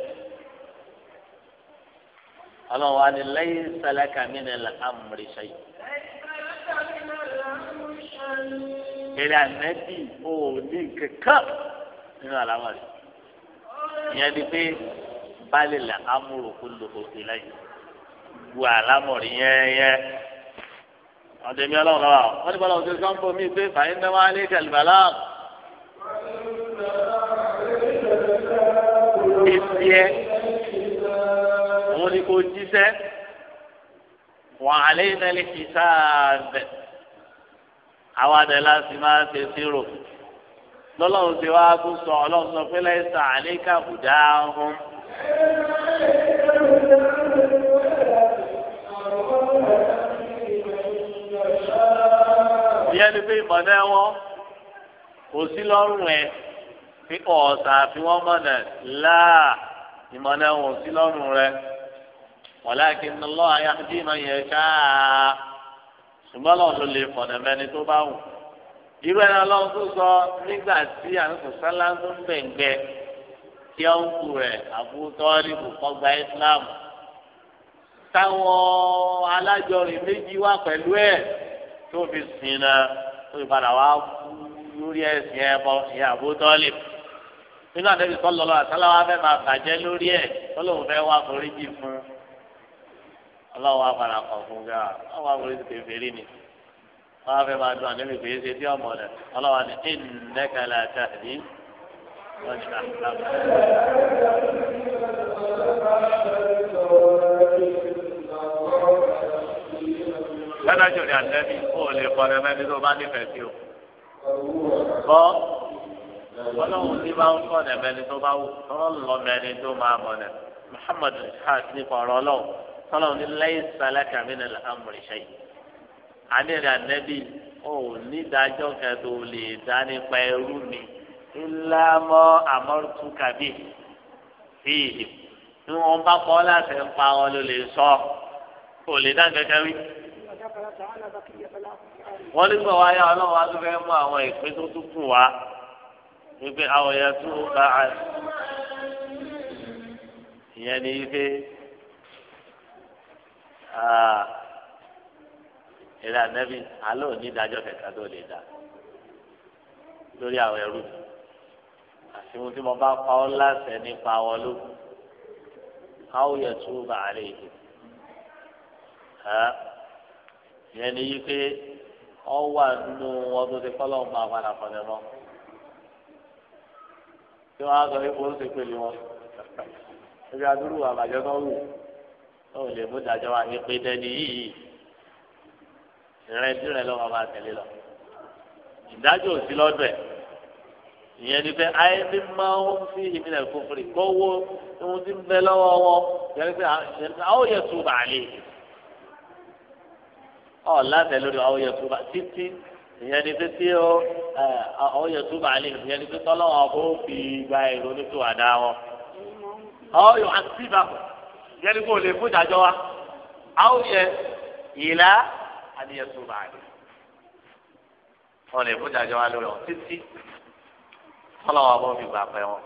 ọlọ́run wa ni lẹ́yìn sẹlẹ́kà mi ni làmúrí ṣayé. eré ànábì ò ní kankan nínú àlámọ̀rí. ìyẹn ni pé balẹ̀ làmúrò kó lò ó sí lẹ́yìn. gbogbo àlámọ̀rí yẹ́yẹ́ ọ̀dẹ̀mí ọlọ́run lọ́wọ́ wọ́n ti bọ́ lọ́wọ́ sọ́ńpọ̀ mi pé fàyín náà wá ní kẹlẹ́bàlá. ṣe tiẹ̀ òun ni kò jíṣẹ́ wà àlẹ́yìn náà lè fi sáàbẹ̀ àwọn àdẹ̀ láti máa ṣe sírò lọ́lọ́run ti wá kó sọ ọlọ́run sọ pé lẹ́sà àlékà bùdá ọ̀hún. ìyẹn ni pé ìmọ̀ náà wọ́n kò sí lọ́rùn ẹ̀ fi ọ̀sà àfi wọ́n mọ̀nà láà ìmọ̀nà wọn sí lọ́rùn rẹ walakin Allah yahdi man yasha ṣùgbọ́n lọ́wọ́ ló lè fọ̀nà mẹ́ni tó bá wù. irú ẹni ọlọ́run tó sọ nígbà tí àǹkù sálá tó ń bẹ̀ǹgbẹ́ tí ó ń kú rẹ̀ Abu Talib kọ́gba Islam táwọn alájọrin méjì wá pẹ̀lú ẹ̀ tó fi sìn náà tó ìpadà wá lórí ẹ̀sìn ẹ̀bọ ìyá Abu Talib nínú àdébí sọlọlọ àtàláwà fẹ́ máa bàjẹ́ lórí ẹ tọlọmù fẹ́ wá foríjì fún ọlọwọ àpàrà kan fún gà ọwọ àforíjì kẹfẹẹrí ni wọn á fẹ́ máa dún àdébí pé ṣe tí ọmọ rẹ ọlọwọ àti ìnẹkẹlẹ àtàdé wọn ni àtàkùn. lọ́dọ̀ jòlè àtẹ́bí ó lè kọ́ ẹ mẹ́rin tó bá nífẹ̀ẹ́ sí o ọlọ́run tí bá ń kọ́ nẹ̀mẹ́ ni tó bá wù ọlọ́run lọ mẹ́ni tó máa mọ̀ nẹ̀ muhammad ishaq nípa ọ̀rọ̀ ọlọ́run tọ́lọ́run ní lẹ́yìn sálẹ́kà mí ni amúrì ṣe yìí àníra nẹ́bí ò nídàájọ́ kẹtò lè dá nípa ẹrú mi ńlá mọ́ àmọ́tú kàbí fi ìdì wọ́n bá kọ́ láti pa wọn ló lè sọ kò lè dá kẹ́kẹ́ wí wọ́n nígbà wáyà ọlọ́run wá tó fẹ́ mú àwọn ìpín tó tún kù wá wípé àwọn yẹn tó bá a ìyẹn ni wípé eré anabi alẹ́ òní ìdájọ́ kẹta tó lè dá lórí àwọn ẹrú àti ohun tí mo bá pa ọ́ láṣẹ nípa wọn ló àwọn yẹn tó bá a lè yìí ìyẹn ni wípé ọ wà nínú wọn tó ti kọ́ máa padà fọ́nẹ́ náà tí wọ́n á sọ pé kò ń ṣe pèlè wọn ebi adúrú àbàjẹ́ kan wù ó lè mú dájọ́ wa ní pé dẹ́ni yìí rẹ̀ dúrẹ̀ lọ́wọ́ máa tẹ̀lé lọ ìdájọ́ òsì lọ́dọ̀ ẹ̀ ìyẹn ni pé ayé ní máa ń fi ìmìlẹ̀ kófìrì kówó ohun tí ń bẹ lọ́wọ́ wọn yẹn pé àwọn yẹn tún bàálẹ̀ ọ̀ látẹ̀ lórí àwọn yẹn tún bàálẹ̀ títí ìyẹn ni pé tí ó ọ yẹ tó bàálì ìyẹn ni pé tọ́lọ́wọ́n kó fi gba èrò ní tòwádà wọn. ọ yọ àtìbà ìyẹn ni kò lè fún ìdájọ́ wa àwọn yẹ ìlà àdìyẹ tó bàálì. wọn lè fún ìdájọ́ wa lórí wọn títí tọ́lọ́wọ́n kó fi gbà pẹ́ wọn.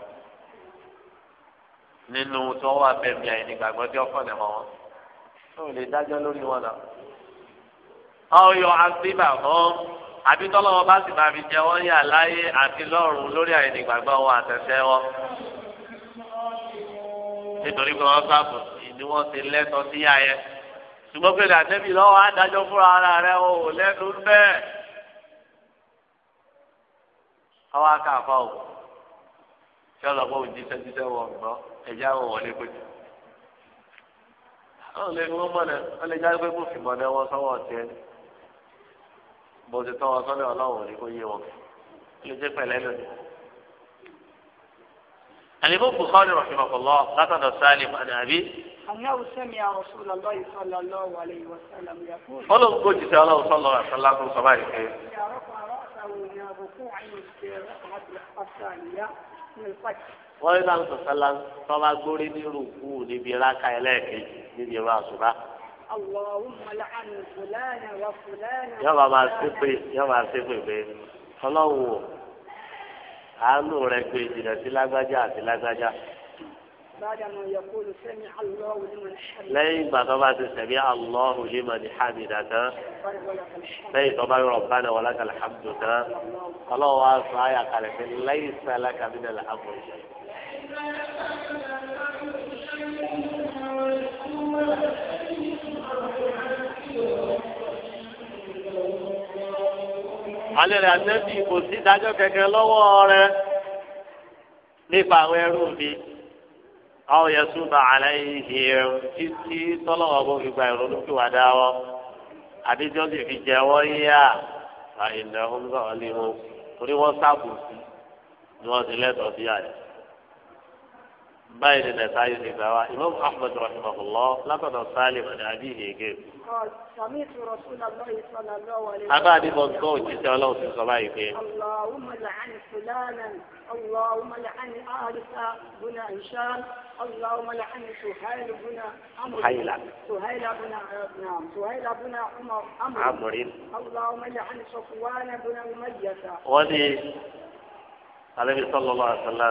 nínú tí wọ́n wá bẹ̀mí àyìn nígbàgbọ́ tí wọ́n fọ̀nẹ̀ mọ́ wọn. wọn lè dájọ́ lórí wọn náà. ọ yọ àtìbà wọn àbí tọ́lọ́wọ́ bá sì máa fi jẹ wọ́n yà láyé àti lọ́rùn lórí àyìn ìgbàgbọ́ wọn àtẹ̀sẹ̀ wọn. nítorí pé wọ́n sábò ni wọ́n ti lẹ́tọ̀ sí yá yẹn. ṣùgbọ́n pé dàdébì lọ́wọ́ adájọ́ fúnra ara rẹ̀ o ò lẹ́nu bẹ́ẹ̀. àwọn akáàfà o ṣé ọlọ́pàá ò jíṣẹ́ jíṣẹ́ wọ ọ̀gbọ́ ẹ̀já wọ wọlé péjọ. àwọn olè ń mọ̀ náà wọ́n lè já pé kò fìmọ̀ bó ti tọ́ wọn sọ́dọ̀ ọlọ́run ní kó yé wọn lè jẹ́ pẹ̀lẹ́ lónìí. àlébó bukhari rahimahullah látọ̀dọ̀ sálìm àdàbí. ọlọ́run kò jìṣẹ́ ọlọ́run sọ́lọ́ àṣọlá kó sọ báyìí pé. wọ́n rí náà sọ̀sálà tọ́ba gbórí ní rúkú níbi ráka ẹlẹ́ẹ̀kejì níbi ìrọ̀ àṣùbá yọba máa ṣépè yọba máa ṣépè pé ọlọ́wọ́ àánú rẹ gbé jìnnà sí lágbájá àti lágbájá. lẹ́yìn ìgbà tó bá ti sẹ̀mí Allahu liman hamida tán lẹ́yìn tó bá yọrọ̀ bá náà wọlé kalẹ̀ hàmdù tán ọlọ́wọ́ á sọ àyà kalẹ̀ pé lẹ́yìn sẹ́lá kàmínà làhàmù ìṣẹ̀lẹ̀. alẹ́ rẹ̀ àtẹ́bí kò sí ìdájọ́ kẹ̀kẹ́ lọ́wọ́ rẹ̀ nípa àwọn ẹrú mi àwọn yẹn tún bá àlẹ́ ìhì ẹ̀rù títí tọ́lọ́wọ́ bó fi gba ìrònú fi wà dáwọ́ àbí tí sì fi jẹ́ wọ́n yíyá àìlẹ̀ ọ̀hún náà lé wọn torí wọ́n sábò ni wọ́n ti lẹ́tọ̀ọ́ sí àyè báyìí ni nàìjíríà ní gbà wá imam ahmed rahimahullah látọ̀dọ̀ salim ní abiy nìyege. abá àdìbò nǹkan òjijì ọlọ́run ti sọ báyìí pé. اللهم لعن فلانا اللهم لعن عارفة بن هشام اللهم لعن سهيل بن عمرو سهيل سهيل بن نعم سهيل بن عمر عمرو اللهم لعن صفوان بن أمية. alẹ́ bíi sọ́lọ́ lọ́wọ́ àtàlà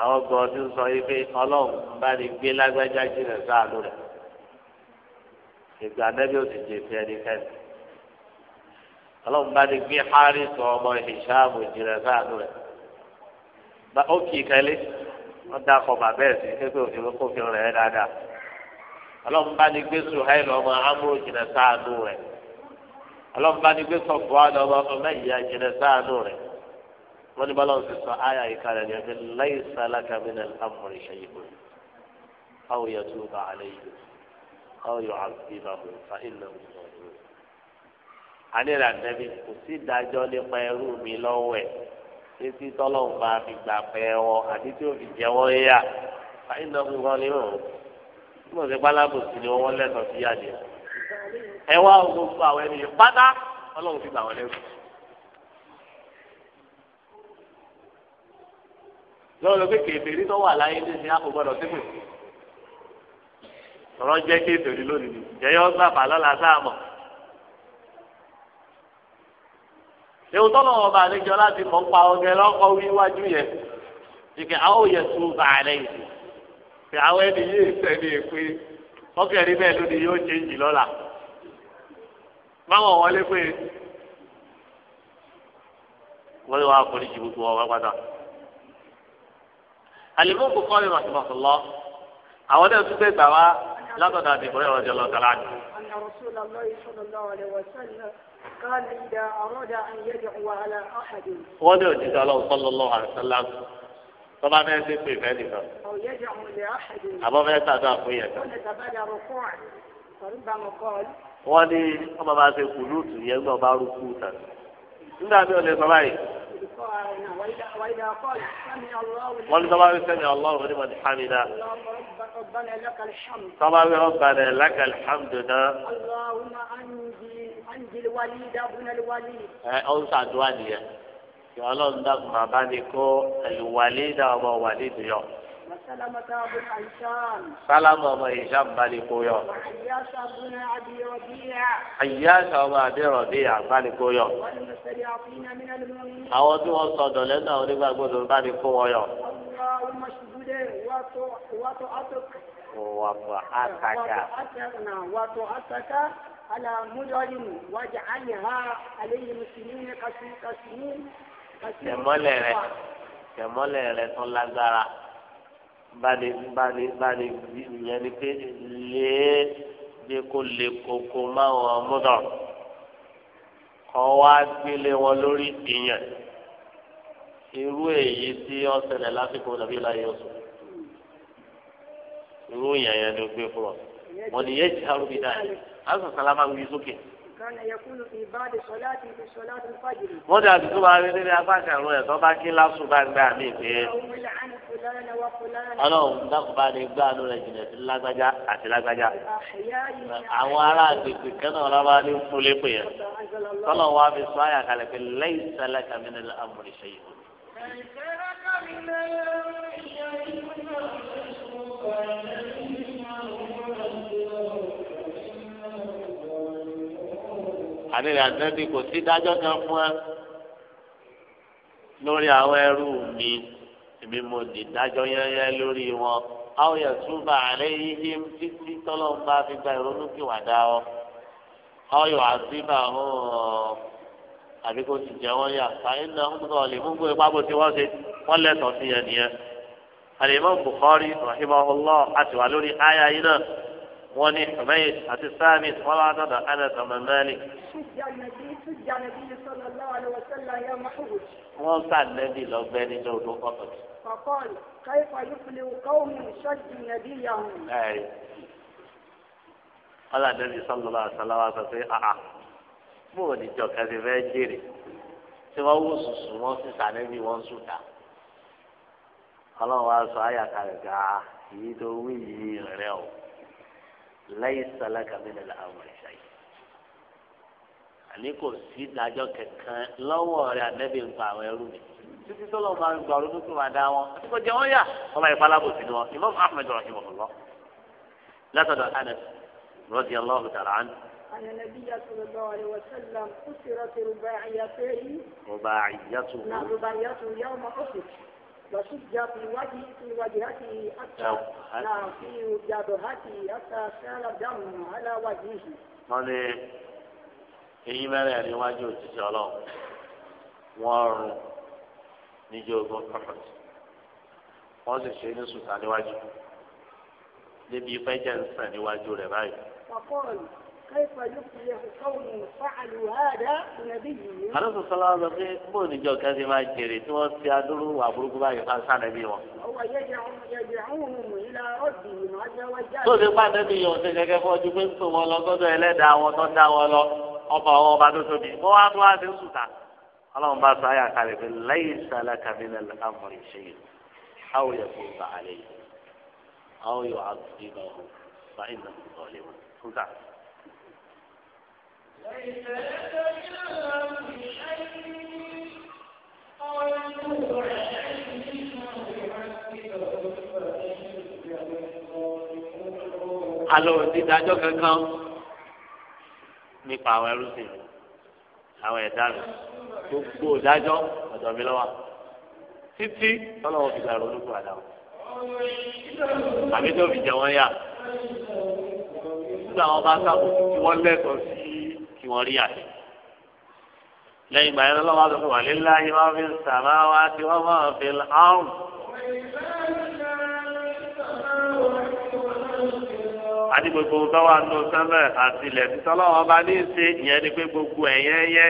àwọn ọgbọ́n ọdún sọ yìí pé ọlọ́run bá ní gbé lágbájá jìnnà sáànù rẹ̀ ìgbà nẹ́bí ò sì jèsì ẹnikẹ́ni ọlọ́run bá ní gbé hárìsì ọmọ ìṣàmù jìnnà sáànù rẹ̀ ó kì í kẹ́lé wọ́n dá akọ bàbá ẹ̀ sí pé òfin kó fi rẹ̀ ẹ́ dáadáa ọlọ́run bá ní gbé suhail ọmọ amúrò jìnnà sáànù rẹ̀ ọlọ́run bá ní bua sọ̀fọ́ àná ọmọ ọmọ ya jìnnà sáànù wọ́n ní bọ́lá òsì sọ ayà ìkàlẹ̀ ní ẹgbẹ́ laysa laka min al-amri shay'un aw yatuba alayhim aw yu'adhibahum fa innahum zalimun. àníra nẹ́bí kò sí ìdájọ́ nípa ẹrú mi lọ́wọ́ ẹ̀ títí tọ́lọ́hùn bá fi gbà pẹ́ wọ àti tí ó fi jẹ́ wọ́n yá fa innahum zalimun. bí mo ṣe pálábò sí ni wọ́n lẹ́tọ̀ọ́ sí yá ni ẹ wá gbogbo àwọn ẹni lọ́wọ́ pé kèfèrí tó wà láyé ní ìsìn àpò gbọ́dọ̀ sípò tọrọ jẹ́ kèfèrí lónìí ni jẹ́yọ́ gbà fà lọ́la mọ. ewu tọ́lọ̀ wọn bá àlejò láti mọ̀ ń pa ọ̀gẹ́ lọ́kọ́ wíwájú yẹn ìkẹ́ àwọn òye tó bá àlẹ́ yìí pé àwọn ẹni pé ọkẹ́rì bẹ́ẹ̀ yóò ṣe jì lọ́la báwọn wọlé pé wọ́n wọn wá alimọ́n kò kọ́ni màtìmọ́sọ̀lọ́ àwọn náà tún gbé gbà wá látọ̀dọ̀ àdìgbò rẹ̀ rọ̀jọ̀ lọ́tà láàyè. wọ́n ní òjijì ọlọ́run sọ́lọ́lọ́ àrùsọ́lá tọ́ba fẹ́ ṣe pé ìfẹ́ nìkan àbọ̀ fẹ́ sàdúrà fún yẹn kan. wọ́n ní ọmọ bá ṣe kùlùtù yẹn gbọ́n bá rú kú tàn nígbà tí ó lè sọ báyìí wọ́n ní sọ́ba wí sẹ́mi ọlọ́run ní wọ́n ti hami dá. sọ́ba wí rabbana lakal hamdu náà. ẹ ọ́n sàdúrà nìyẹn. ìyá ọlọ́run dàgbà bá ní kó ẹ̀lú wàlídà ọmọ wàlídìí yọ sálámù ọmọ ìṣàm gbanikóyọ. àyíyáṣà ọmọ àbí rọ̀bíyà gbanikóyọ. àwọn tí wọ́n sọ̀dọ̀ lẹ́nu àwọn onígbàgbọ́dọ̀ gbanikó wọn yọ. wàtò àtàkà. wàtò àtàkà. على مدر واجعلها عليهم سنين كسنين كسنين. kẹmọlẹ rẹ kẹmọlẹ rẹ tó lágbára bani bani bani ìyẹn ni pé lé bí kò lè koko máwọn ọmọdọ kọ wá gbélé wọn lórí ìyẹn irú èyí tí ó ṣẹlẹ̀ lásìkò nàbí láyé oṣù irú ìyẹn yẹn ni ó gbé fún ọ wọn ni yéé jẹ àrùbí dáa àti sàlámà wí sókè wọ́n dà tó máa rí nílé agbáka ìrún ẹ̀ tó bá kí lásù bá gbé àmì ìpè é. ọlọ́run dákun bá lè gbé àánú rẹ̀ jìnnà sí lágbájá àti lágbájá. àwọn ará àgbègbè kẹ́nà ọlọ́ba ní fúlé pè yẹn. tọ́lọ̀ wa fi sọ àyà kalẹ̀ pé lẹ́yìn sẹ́lẹ̀ kàmí nílẹ̀ amúlẹ̀ ṣe yìí. Thank you. ànílẹ̀ àtẹ́bí kò sí dájọ́ kan fún ẹ lórí àwọn ẹrú mi èmi mo di dájọ́ yẹ́yẹ́ lórí wọn àwọn yẹn tún bá àlẹ́ yíyí títí tọ́lọ́ ń bá fi gba ìrònú kí wà dá ọ àwọn yóò àtúbà hàn àbí kò sì jẹ́ wọ́n yà fàyín náà ń sọ lè mú gbé pápó tí wọ́n ṣe wọ́n lẹ́tọ̀ọ́ sí yẹn nìyẹn. àlè Bukhari rahimahullah àti wà lórí àyà yìí náà wọn ní ọmọye àti sáàmì wọn wá dọdọ anas ọmọ malik. wọn ká nẹbi lọgbẹ nínú odò ọkọ. kọkọọlù káyọ̀fà yóò fi kọ́ọ̀mù ṣọ́ọ̀jì nẹbi yahoo. ẹ̀ẹ́dì wọn là nẹbi sọlọlá àtàláwà sọ pé àà mú òní jọ kẹsì fẹ́ jèrè tí wọ́n wò sùsù wọn sì sànẹ́bí wọn sùn dà. ọlọ́run wa sọ àyàkà rẹ̀ gà èyí tó wí yìí rẹ̀ o. ليس لك من الأمر شيء àní kò sí ìdájọ́ kankan lọ́wọ́ rẹ̀ ànẹ́bí ń pa àwọn ẹrú mi títí tó lọ́wọ́ máa ń gba ọdún tó máa dá wọn àti kò jẹ́ wọ́n yà wọ́n máa ń falábò sí wọn Imam Ahmed rahimahullah látọ̀dọ̀ Anas radiyallahu ta'ala anhu. أن النبي صلى الله عليه وسلم أسرت رباعيته رباعيته نعم رباعيته يوم أحد وشج في وجه في وجهته حتى نعم في جبهته حتى سال الدم على وجهه. wọ́n ní eyín mẹ́rẹ̀ níwájú òjijì ọlọ́run wọ́n rún níjẹ́ ogun prophet wọ́n sì ṣe ní sùtà níwájú níbi ìfẹ́ jẹ́ ń sàn níwájú rẹ̀ báyìí. كيف يفلح قوم فعلوا هذا بنبيهم أنا صلى الله عليه وسلم مو نجو كذي ما جري تو سيادرو وابرك باي فانسان نبيهم هو يدعوهم إلى ربهم عز وجل تو دي بعد نبي يوم سيجاك فوجو بنتو ولو قدو إلي دعوة تندعوة لو ọba ọwọ ọba tó tóbi wọn wá tó wá sí sùtà Ọlọ́run bá sọ ayé àkàrẹ pé lẹ́yìn sálá kàmínà lámọrin ṣe yìí àwọn yẹ kó gbà á lẹ́yìn àwọn yóò á gbé alo ìdájọ́ kankan nípa àwọn ẹrú sí àwọn ẹ̀dá rẹ̀ gbogbo ìdájọ́ ọ̀dọ̀ mi lọ́wọ́ títí tọ́lọ́wọ́ fi gbàrú olúkú àdá wọn. àbí tó fi jẹ wọ́n yà nígbà wọn bá sábò tí wọ́n lẹ́tọ̀ọ́ sí kí wọ́n rí àṣẹ. lẹ́yìn ìgbà yẹn lọ́wọ́ àti wà lílá yìí wọ́n fi ń sàmá wá sí wọ́n máa fi ọ̀rùn. àti gbogbo tọ́wọ́ àti sẹ́mẹ̀ àti ilẹ̀ títọ́ lọ́wọ́ bá ní í ṣe ìyẹn ni pé gbogbo ẹ̀yẹ́ yẹ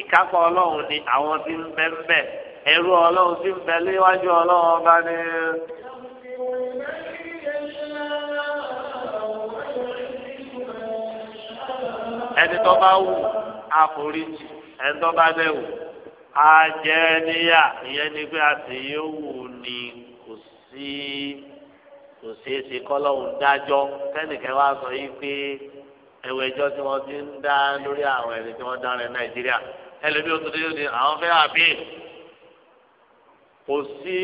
ìkápọ̀ ọlọ́run ni àwọn ti ń bẹ́ẹ̀ bẹ́ẹ̀ ẹ̀rú ọlọ́run ti ń bẹ léwájú ọlọ́run bá ní ẹni tó bá wù àforíjì ẹni tó bá dẹ̀ wù àjẹníyà ìyẹn ni pé àtẹ̀yẹ wù ní kò sí kò ṣeé ṣe kọ́lọ́hún dájọ́ kẹ́nìkan wá sọ yìí pé ẹ̀wọ̀ ẹjọ́ tí wọ́n ti ń dá lórí àwọn tí wọ́n dá rẹ̀ Nàìjíríà ẹlẹ́bí tó yóò di àwọn fẹ́ àbí kò sí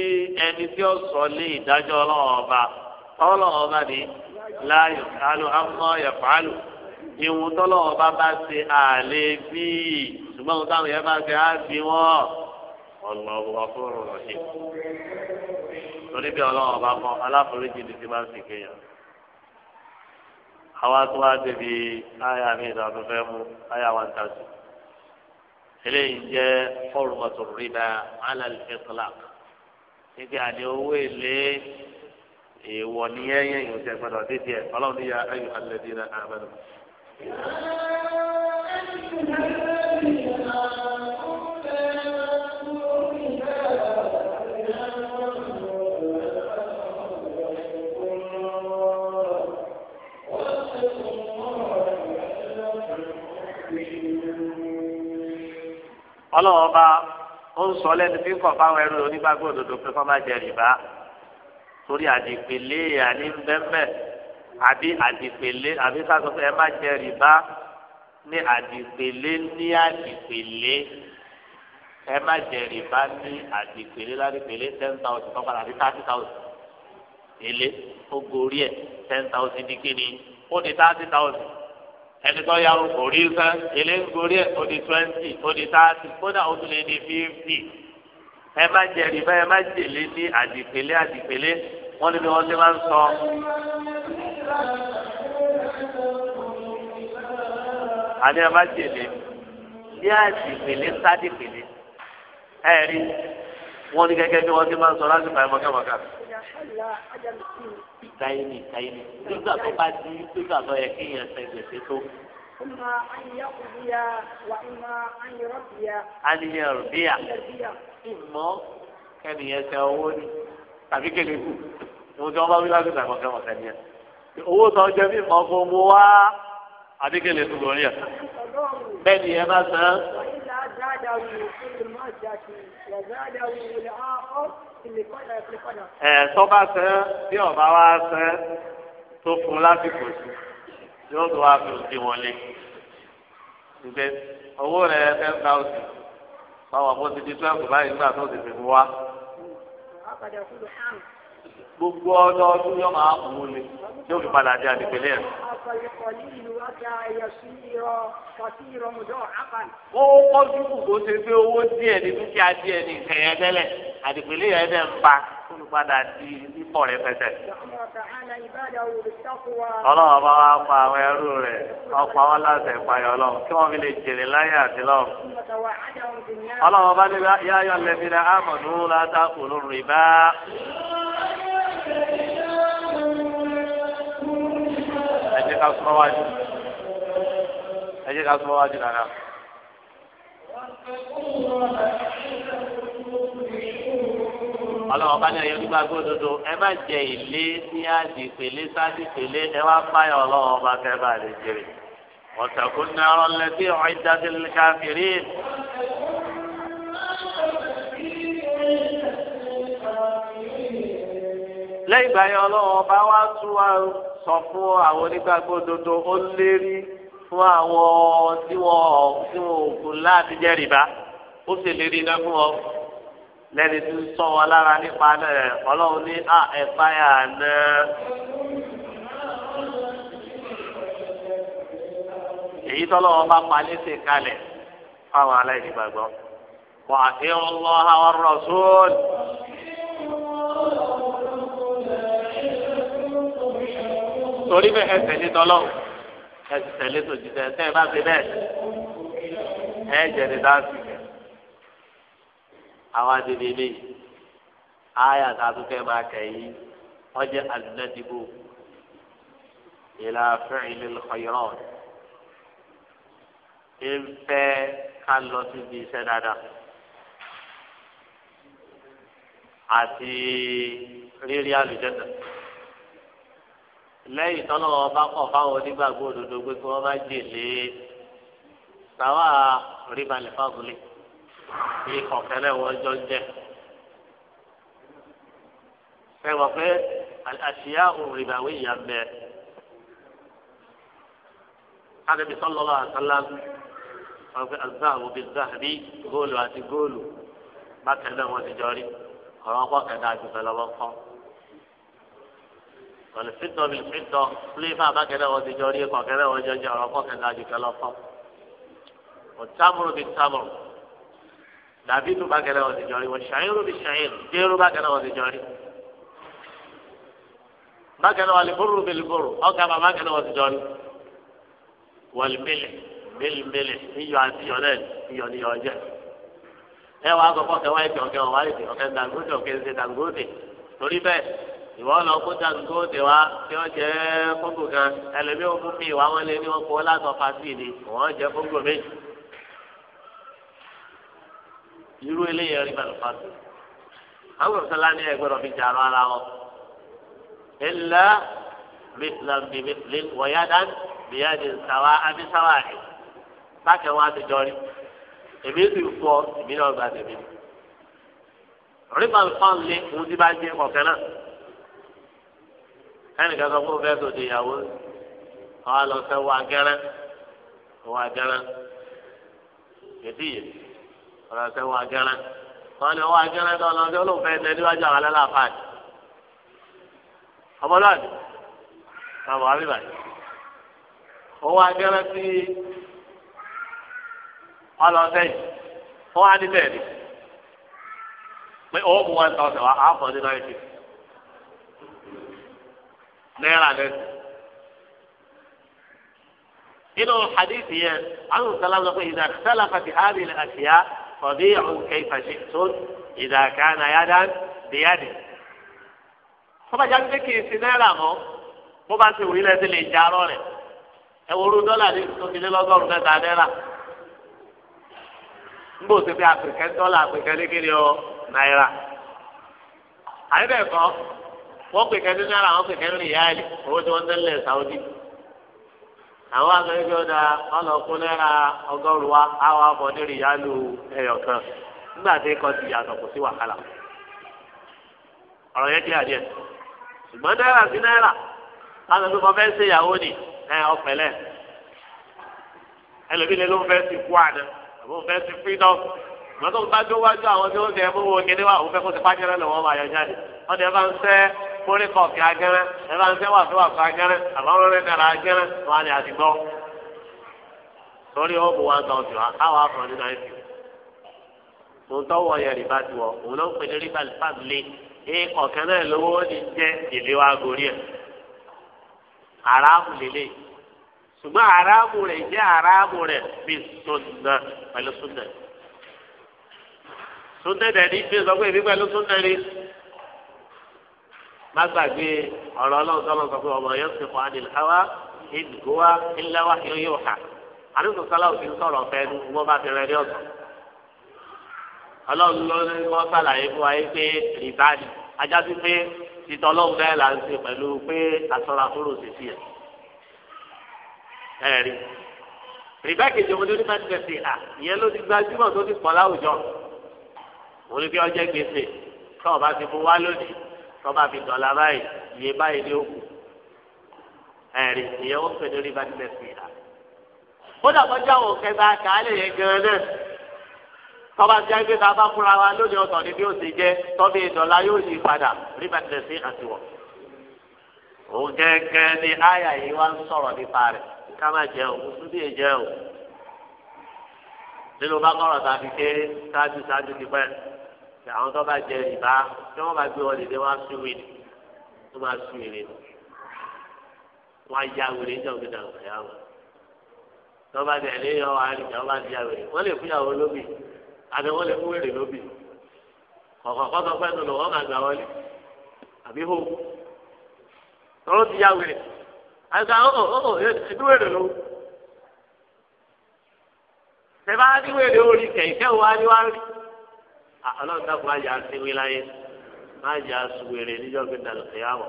ẹni tí ó sọ lé ìdájọ́ ọlọ́wọ́ ọba ọlọ́wọ́ ọba ni ìwọ̀n tọ́lọ̀ ọba bá ṣe àlè bí ṣùgbọ́n ohun táwọn yẹn bá ṣe á bí wọ́n ọlọ́wọ́ fúnra rẹ̀ torí bí ọlọ́wọ́ ọba kan aláforíjì ni ti máa ń sì kéèyàn. àwa tó wá débi àyà mi ìdá tó fẹ́ mú àyà wa ń ta sí. eléyìí jẹ́ fọ́ọ̀rùmọ̀tò rìbá alàlùfẹ́ tọ́lá níbi àdé owó èlé èèwọ̀ nìyẹn yẹn yóò tẹ̀ gbọ́dọ̀ dídì ẹ̀ ọlọ́run ní ọlọ́wọ́ ọba ó ń sọ lẹ́nu bí nǹkan fáwọn ẹrú onígbàgbọ́ òdodo pé kọ́ má jẹ rìbá torí àdìpẹ̀lẹ́ àní bẹ́ẹ̀ bẹ́ẹ̀ àbí àdìpèlé àbí káàtó pé ẹ má jẹ rìbá ní àdìpèlé ní àdìpèlé ẹ má jẹ rìbá ní àdìpèlé ládìpèlé ten thousand tó padà bí thirty thousand èlé ó gorí ẹ ten thousand ní kíni ó di thirty thousand ẹni tó yà ó rí sẹ èlé ń gorí ẹ ó di twenty ó di thirty kódà ó tún lè di fifty ẹ má jẹ rìbá ẹ má jèlé ní àdìpèlé àdìpèlé wọn ni wọn ti máa ń sọ àní ẹ má jèlé ní àti ìpele sádì ìpele ẹ rí wọn ní gẹ́gẹ́ bí wọn ti máa ń sọ láti fàyè mọkàmọkà. káyìmì káyìmì nígbà tó bá di nígbà tó yẹ kéèyàn ṣe gbèsè tó. àníyàn rúbíà ìmọ̀ kẹ́niyàn ṣe owó ni tàbí kéde kù. mo jọ bá wí láti fàyè mọkàmọkà ni ẹ owó tó jẹ mí mọ fún mu wá àdékèlè tó lórí ẹ bẹ́ẹ̀ ni ẹ bá san. ẹ tó bá san bí ọba wa san tó fún lásìkò sí yóò tó wá fi òsì wọlé ṣùgbẹ́ owó rẹ ten thousand báwọn bó ti di twelve báyìí nígbà tó ti fi wá gbogbo ọlọ́ọdún yóò máa mú un lé yóò fi padà dé àdìpẹ́lẹ́ rẹ̀. ó kọ́jú kù tó ṣe pé owó díẹ̀ ní dúkìá díẹ̀ ní ìkẹyẹ tẹ́lẹ̀ àdìpẹ́lẹ́ yẹn dẹ̀ ń pa kó di pípọ̀ rẹ̀ pẹ̀tẹ̀. ọlọ́run bá wá pa àwọn ẹrú rẹ̀ ọ̀pọ̀ àwọn aláṣẹ ìpayọ̀ ọlọ́run kí wọ́n fi lè jèrè láyé àti lọ́run. ọlọ́run bá ní yáyọ̀ lẹ́bi rẹ̀ ámọ̀ nù látàkùn rìbá. jẹ́ ká súnmọ́ wájú ẹ jẹ́ ká súnmọ́ wájú nàná. ọlọ́wọ́ bá ní ẹyọ nígbà gbódodo ẹ má jẹ ìlé ní àdìpèlé sádìpèlé ẹ wá páyà ọlọ́wọ́ bá fẹ́ bá lè jèrè. وتكن نارا التي أعدت للكافرين lẹ́yìn ìgbà yẹn ọlọ́run ọba wa tú wa o sọ fún àwọn onígbàgbọ́ òdodo ó lérí fún àwọn tí wọn tí láti jẹ rìbá ó sì lérí iná fún ọ lẹ́ni tó sọ wọn lára nípa ẹ̀ ọlọ́run ní à ẹ̀ fáyà náà. èyí bá kalẹ̀ torí bẹ́ẹ̀ ẹ tẹ̀lé tọ́lọ́ ẹ sì tẹ̀lé tòjìṣẹ́ tẹ́ ẹ bá ṣe bẹ́ẹ̀ ẹ jẹ̀rẹ̀ dáńsì kẹ́ àwọn adìrẹ mi àyà tàbíkẹ́ máa kẹ́ yìí wọ́n jẹ́ alùnẹ́dìbò ìlà fẹ́ẹ̀lì lọ́yọ̀rọ̀ ẹ fẹ́ ká lọ síbi iṣẹ́ dáadáa àti rírí àlùjẹ́tà lẹ́yìn tọ́lọ́wọ́ bá kọ̀ fáwọn onígbàgbọ́ òdodo pé kí wọ́n bá jèlé sáwà ríbalẹ̀ fáwọlé ní kọ̀kẹ́lẹ́ wọn jọ jẹ́. sẹ́wọ̀n pé àṣìyá òrìbàwé ìyá mẹ́ adébí sọ́lọ́lọ́ àtàlá wọn pé azáàbò bíi záàbí góòlù àti góòlù bákẹ́ náà wọ́n ti jọ rí ọ̀rọ̀ ọkọ̀ àti ìfẹ́ lọ́wọ́ kọ́ wọ́n fi tọ́ bí fi tọ́ fúlẹ́fà bákẹ́lẹ́ wọ́n ti jọ rí ẹ̀kọ́ kẹ́lẹ́ wọ́n jọjọ ọ̀rọ̀ kọ́kẹ́lẹ́ àjùkẹ́ lọ fọ́ ọ̀tàmùrù bí tàmùrù dàbí tó bákẹ́lẹ́ wọ́n ti jọ rí wọ́n ṣàyẹ̀rù bí ṣàyẹ̀rù dérú bákẹ́lẹ́ wọ́n ti jọ rí bákẹ́lẹ́ wọ́n libúrú bí libúrú ọ̀gá bá bákẹ́lẹ́ wọ́n ti jọ rí wọ́n libílẹ̀ bílíbílẹ̀ iyọ̀ àti iyọ̀ náà iyọ̀ ni iyọ̀ ìwọ lọ kó dànù tó tẹ wá tí wọ́n jẹ́ kókò kan ẹlẹ́mìí òkú mi ìwà wọn lé ní wọn kó látọ̀ fásitì ni wọ́n jẹ́ kókò méjì. irú eléyìí rí bàlù fásitì. àwọn sọlá ní ẹgbẹ́rún fi jàrọ̀ ara wọn. ilà mìtìlán bí mìtìlín wọ̀yádán bìyàdì sàwá abísáwá rẹ̀ bákẹ́ wọn ti jọ rí. èmi sì fọ èmi náà gbà tèmi. rí bàlù fásitì ní ohun tí bá jẹ́ kọ̀ọ̀kan náà ẹnìkan sọ fún fẹsọ di ìyàwó àwọn àlọsẹ wọ agẹrẹ wọ agẹrẹ kẹdíyè àlọsẹ wọ agẹrẹ wọn ni wọ agẹrẹ tó ọlọsẹ olóòfẹ ẹsẹ níwájú àwọn alẹ láàfà ni ọmọlúwàbí ọmọ àbíbà wọ agẹrẹ sí ọlọsẹ yìí wọn á ní bẹ́ẹ̀ ni pé owó mu wọn tọ ọsẹ wa àá fọ náírà lẹ́nu. inú hadith yẹn àwọn sọlá sọ pé ìdá sọlá fati hábi ní àṣìyá fọdí ọ̀hún kẹfà ṣe tó ìdá kan àyádá díyàdì. sọ́bàjá ń gbé kì í sí náírà mọ́ bó bá ti wù lẹ́sìn lè já arọ́ rẹ̀ ẹ wòlú dọ́là ní ìsọ́kìlélọ́gọ́rùn mẹ́ta náírà nbọ sí pé àpèkẹ́ dọ́là àpèkẹ́ ní ọ náírà àyẹ̀bẹ̀ kan wọ́n pè kẹ́ni náírà wọ́n pè kẹ́ni rìyáàlì owó tí wọ́n tẹ́lẹ̀ sáwọ́dì. àwọn akẹ́kẹ́ ọ̀dà ọlọ́kún náírà ọgọ́rùn wa àwọn afọ ní rìyáàlù ẹ̀yọ̀ kan nígbà tí kò ti yàtọ̀ kò sí wàhálà. ọ̀rọ̀ yẹn kí adìẹ ṣùgbọ́n náírà sí náírà láti fi fọfẹ́ ṣe ìyàwó ni ẹ ọ̀fẹ́lẹ̀ ẹlòmílẹ̀ ló ń fẹ́ sí kú àná àbó fẹ́ sí freedom mọ́tò bá dó wájú àwọn tí ó ń jẹ́ mú wo kíní wá òun fẹ́ kó ti pàjẹ́rẹ́ lọ́wọ́ máa yọ jáde wọ́n ti ẹ bá ń sẹ́ kórè kọ̀ọ̀kì agẹ́rẹ́ ẹ̀rọ ṣẹ́ wà fún àfọ agẹ́rẹ́ àbáwọn rẹ̀ dára agẹ́rẹ́ wọn ni àdìgbọ́ torí ó bu one thousand àwọn afọ ní náírà tó ń tọ́wọ́ yẹn rìbá ti wọ̀ òun náà ń pè ní rìbá fábìlì ẹ ọ̀kẹ́ náà lówó ní jẹ́ ìléwá gorí ẹ̀ aráàmù lélẹ̀ ṣùgbọ́n aráàmù rẹ̀ jẹ́ aráàmù bí sunna pẹ̀lú sunna sunna dẹ̀ bí sọ èmi pẹ̀lú sunna rí má gbàgbé ọ̀rọ̀ ọlọ́run tó lọ́n sọ pé ọmọ yẹn ti kọ́ adìl hawa ìdùkúwa ìláwá yóò hà àdúgbò sálà òfin sọ̀rọ̀ fẹ́nu wọ́n bá fi rẹ̀ ní ọ̀sán ọlọ́run ló ní wọ́n sàlàyé fún wa yìí pé rìbá ni ajá sí pé títọ́ ọlọ́run bẹ́ẹ̀ là ń ṣe pẹ̀lú pé àsọ̀rọ̀ àkúrò sì sí ẹ̀ ẹ̀rí rìbá kejì ọmọdé ní mẹ́tẹ̀ẹ̀sì à ìyẹn ló ti gbajúmọ̀ tó ti pọ̀ láwùjọ òun ni bí ọjọ́ gbèsè tó o ti fún wa lónìí tọ́ba fi dọ̀la báyìí iye báyìí ní òkú ẹ̀rì ìyẹn ó pè lórí bàtìlẹ̀ sí ìlà. kódà kọjá àwọn kẹta kàálẹ̀ yẹn gan-an náà tọ́ba jẹ́ pé tá a bá fúnra wa lónìí ọ̀tọ̀ ni bí ó ti jẹ́ tọ́bi ìdọ̀la yóò yí padà rí bàtìlẹ̀ sí àtiwọ̀. òun gẹ́gẹ́ ni àyà yìí wá ń sọ̀rọ̀ nípa rẹ̀ ká má jẹ́ òun tún bí jẹ́ òun. nínú bá tàbí ké àwọn tó bá jẹ ìbá tí wọ́n bá gbé wọn dìde wọ́n á sún wèrè wọ́n máa sún wèrè nù wọ́n á ya wèrè níjà òkè dàgbà yà bá jẹ ẹ̀lẹ́ yọ wọ́n á rìn bá di ya wèrè lè fún ìyàwó lóbì àti wọ́n lè fún wèrè lóbì kọ̀kọ̀kọ́ sọ pé nùnú wọ́n máa gbà wọlé àbí hó tọ́lọ́ ti ya wèrè àti àwọn ọ̀ọ̀ ẹ̀dúwèrè lówó tẹ bá ní wèrè orí kẹ̀kẹ́ wa ni wá rí ọlọ́run dàpọ̀ àjà sinmi láyé má jà sùwèrè níjọ́ fi dàlọ́ ìyàwó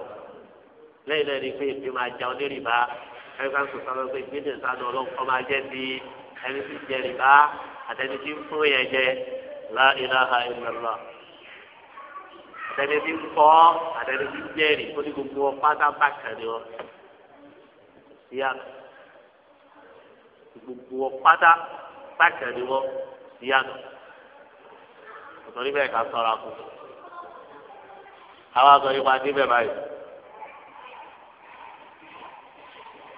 lẹ́yìn náà ni pé èpè máa jà onírì bá ẹ̀ka sọ sábà pé gbèdè sánú ọlọ́run kọ́ máa jẹ́ ti ẹni tí jẹ rìbá àtẹni tí ń fún yẹn jẹ la ilaha illallah àtẹni tí ń kọ́ àtẹni tí ń jẹ́rì ó ní gbogbo wọn pátá bàkà ni wọn síyàtọ̀ gbogbo wọn pátá bàkà ni wọn síyàtọ̀ torí bẹ́ẹ̀ ká sọ̀rọ̀ àkùn àwọn àgbọn yìí wá níbẹ̀ báyìí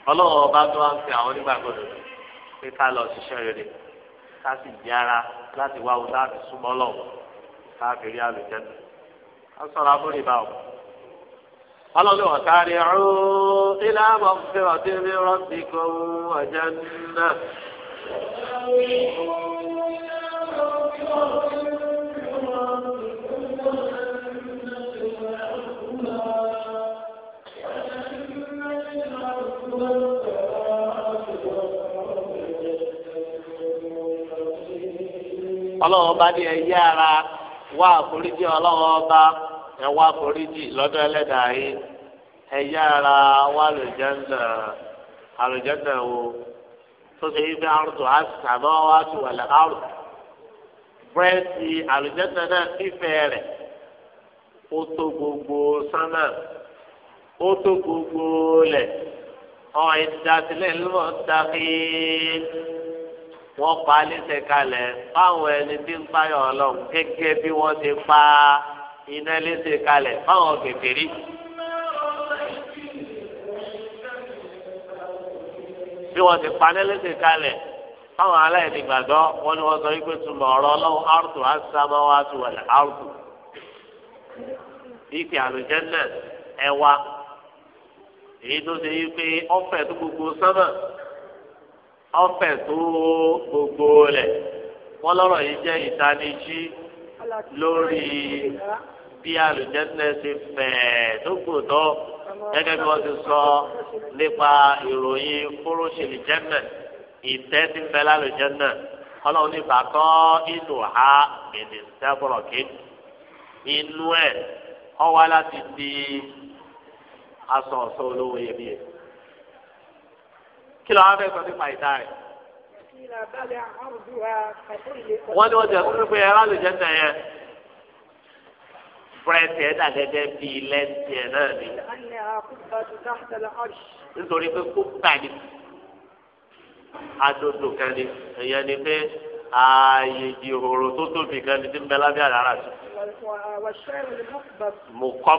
ọlọ́run ọba tó wá ń fi àwọn onígbàgbọ́dọ̀ pé ká lọ ṣiṣẹ́ rere ká sì di ara láti wá ohun láti súnmọ́ lọ́wọ́ ká fi rí àlùjẹ́nu ká sọ̀rọ̀ abúlé bá wọn. ọlọ́run ọ̀tá rí ọ̀rọ̀ ilé àmọ́ fi ọdún mi rántí kó ọjà náà. ọlọ́run bá ní ẹyẹ ara wá àforíjì ọlọ́run ọba ẹ wá àforíjì lọ́dọ̀ ẹlẹ́dàá yìí ẹyẹ ara wá àlùjẹ́ndà àlùjẹ́ndà wo tó ṣe yí pé àrùtò àtàmọ́ wá ti wà lẹ́ àrùtò bírẹ́ǹtì àlùjẹ́ndà náà fífẹ́ rẹ̀ ó tó gbogbo sánà ó tó gbogbo lẹ̀ ọ̀ ìdásílẹ̀ ló ń dàkí. wọ́n pa á léṣe kalẹ̀ fáwọn ẹni tí ń payọ̀ gẹ́gẹ́ bí wọ́n ti pa iná léṣe kalẹ̀ fáwọn kèfèrí. bí wọ́n ti pa fáwọn aláìní wọ́n ní wọ́n sọ wípé ọ̀rọ̀ ọlọ́run àrùtù àṣàmáwá ti wà ní àrùtù. èyí tó ṣe ọ̀fẹ́ tó gbogbo ọfẹ tó gbogbo rẹ wọn lọ́rọ̀ yìí jẹ́ ìtanijí lórí bí alùjẹsẹ ṣe fẹ̀ tó gbòòtọ gẹ́gẹ́ bí wọn ti sọ nípa ìròyìn fúrúṣìlì jẹnẹ ìtẹ́ ti fẹ́ lálùjẹnẹ Ọlọ́run nípa kọ inú ha mìnísítẹbùrọkì inú ẹ ọwọ láti di aṣọ olówó iyebíye kí ló wá fẹ́ sọ nípa ìta rẹ̀. wọ́n ní wọ́n jẹ́ kó pé ẹ̀rọ àlùjẹ́ náà yẹn búrẹ́dì ẹ̀ dàgẹ́gẹ́ bíi lẹ́ǹtì ẹ̀ náà ni. nítorí pé kó gbà ní adodo kan ni èèyàn ni pé ààyè ìjìròrò tó tóbi kan ni tí ń bẹ lábẹ́ àdára sí. mọ̀kọ́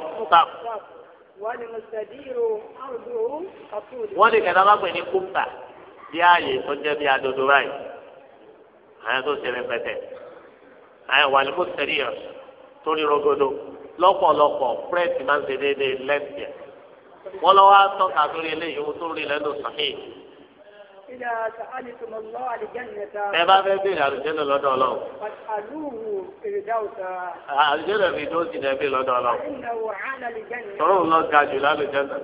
wọ́n ní kẹta bá pè ní kúpa bí ààyè tó jẹ́ bí adodo báyìí àyàn tó ṣẹlẹ̀ pẹ̀tẹ̀ àyàn wà ní mùsùlùmí yẹn tó ní rogodo lọ́pọ̀lọpọ̀ pírẹ́sì máa ń ṣe déédéé lẹ́ǹtì ẹ̀ wọ́n lọ́wọ́ á tọ́ka sórí eléyìí tó rí lẹ́nu sàmì ẹ bá fẹ́ bèrè àlùjẹ́nà lọ́dọ̀ ọlọ́run. àlùjẹ́nà mi ló ti dẹ̀ bí lọ́dọ̀ ọlọ́run. tọ́rọ̀ ń lọ ga jù lálùjẹ́nà.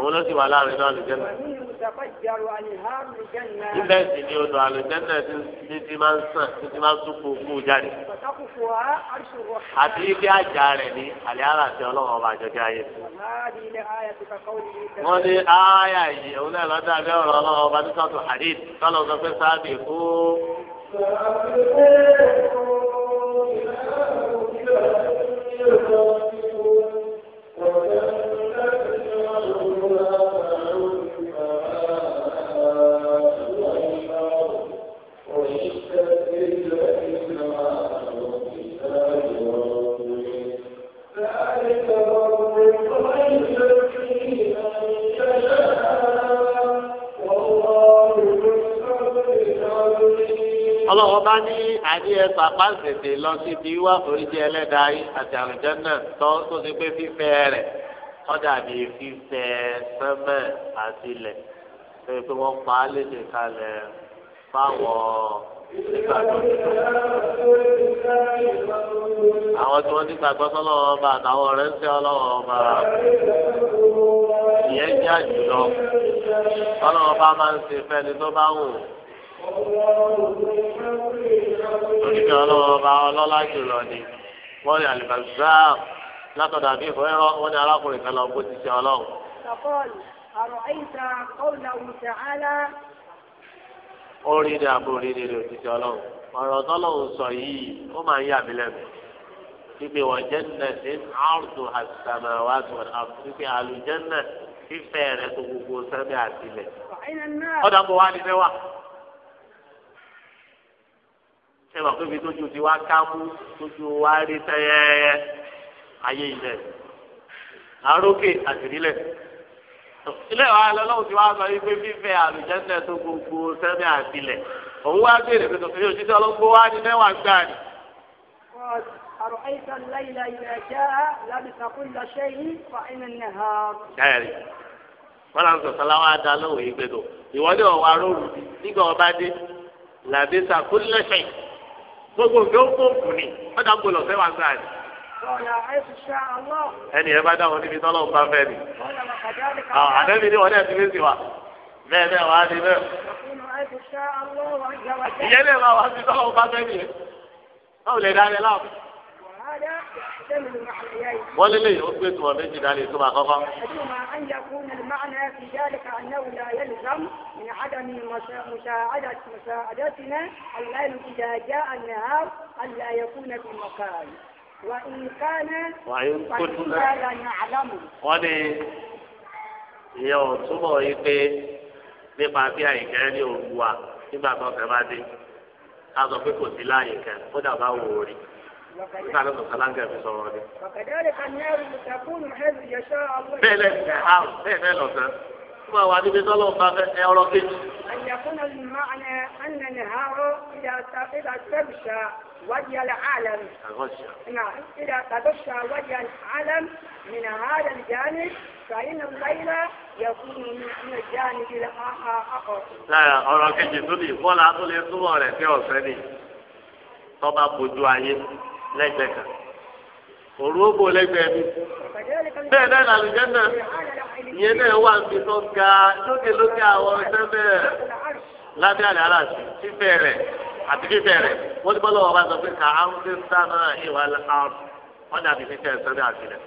òun ló ti wà láàrin náà àlùjẹ́nà. ibẹ̀ sì ni odò àlùjẹ́nà ti ti máa ń sàn ti ti máa ń tún kúkú jáde. àti ibi àjà rẹ̀ ní àlẹ́ ara àti ọlọ́run ọba àjọkẹ́ ayé. wọ́n ní ááyà yìí òun náà lọ́dọ̀ àbẹ́ ọ̀rọ̀ ọlọ́run ọlọ́run ọba ní sọ́tù hadith tọ́lọ̀ sọ pé sáàbì kú. Thank you. àbí ẹ pàpà tètè lọ síbi wá foríjì ẹlẹ́dàá yín àti àlùjẹ́ náà tó tó ti pé fífẹ́ rẹ̀ ọ̀dà bíi fífẹ́ sẹ́mẹ̀ àti ilẹ̀ tó yẹ pé wọ́n pa á lédè kalẹ̀ fáwọn nígbàgbọ́. àwọn tí wọ́n ti gbàgbọ́ sọ́lọ́wọ́ ọba àtàwọn ọ̀rẹ́ ń tẹ́ ọlọ́wọ́ ọba ìyẹn jẹ́ àjùlọ sọ́lọ́wọ́ ọba máa ń ṣe fẹ́ni tó bá wù oníkẹ́ ọlọ́wọ́ bá ọlọ́lá jùlọ ni wọ́n ní àlùbáṣá látọ̀dọ̀ àbí ìfọ̀rẹ́rọ́ wọ́n ní arákùnrin kan lọ bó ti ṣe ọlọ́run. orí ni àbò orí ni ló ti ṣe ọlọ́run ọ̀rọ̀ tọ́lọ́run sọ yìí ó máa ń yà mí lẹ́nu ibi wọ jẹ́nà ní àrùtù àtàmà wà tó àfúnfẹ́ àlùjẹ́nà fífẹ́ rẹ̀ tó gbogbo sẹ́mi àtìlẹ̀. ọ̀dà kò wá ní mẹ́wàá ẹ mọ̀ pé ibi tójú ti wá kámú tójú wá rí tẹ́yẹ́yẹ́ ayé ilẹ̀ àrókè àtìrílẹ̀ ilé wa lọ́lọ́run ti wá sọ wípé fífẹ́ àlùjẹ́sẹ̀ tó gbogbo sẹ́mi àtìlẹ̀ òun wá béèrè pé tòfin òṣìṣẹ́ ọlọ́gbó wá ní mẹ́wàá gbà ní. أرأيت الليل إذا جاء لبس كل شيء lọ́wọ́ yìí gbẹ̀dọ̀ ìwọ́lé ọ̀wá rọrùn nígbà ọba dé làbẹ́sà kúlẹ̀ṣẹ̀ gbogbo nǹkan ó kó òkú ni ọjà ń gbọlọ fẹ́ wá gbà ní. ẹnì yẹn bá dáhùn níbi tọ́lọ́ ń bá fẹ́ ni. àdébí ni wọ́n dẹ̀ ti fi sí wa bẹ́ẹ̀ bẹ́ẹ̀ wá ní bẹ́ẹ̀. ìyẹn lè máa wá sí tọ́lọ́ ń bá fẹ́ nìyẹn. báwo lè dá ẹ láàbù wọ́n lé lẹ́yìn ó gbé tuma méjì dání tuma kọ́kọ́. wàyí kúndùn wọ́n ní ìyẹn ò túbọ̀ yí pé nípa bí àyíkẹ́ ní òwú wa nígbà tó fẹ́ bá dé a sọ pé kò sí láàyè kan kódà bá wò ó rí nígbà tó sọ̀tà láńgá fi sọ̀rọ̀ rẹ̀. bẹ́ẹ̀ lẹ́nu ẹ̀ àrùn bẹ́ẹ̀ bẹ́ẹ̀ lọ́sẹ̀ tó máa wà níbi tọ́lọ́ bá fẹ́ ẹ ọ̀rọ̀ kejì. وجه العالم تغشى نعم إذا تغشى وجه العالم من هذا الجانب فإن الليل يكون من الجانب الآخر لا ọ̀rọ̀ kejì tó ní ìfọ́lá tó lè túbọ̀ rẹ̀ sí ọ̀sẹ̀ ni tọ́ba bójú ayé lẹ́gbẹ̀ẹ́ kan òru ó bò lẹ́gbẹ̀ẹ́ mi bẹ́ẹ̀ náà làlùjẹ́ náà ìyẹn náà wà níbi tó ga lókè lókè àwọn sẹ́fẹ̀ lábẹ́ àlẹ́ aláṣẹ fífẹ́ rẹ̀ àti fífẹ́ rẹ̀ wọ́n ti bọ́ lọ́wọ́ bá sọ pé kà á ń fi sáà náà ìwà àrùn wọ́n dàbí fífẹ́ ẹ̀sọ́ bí àfilẹ̀.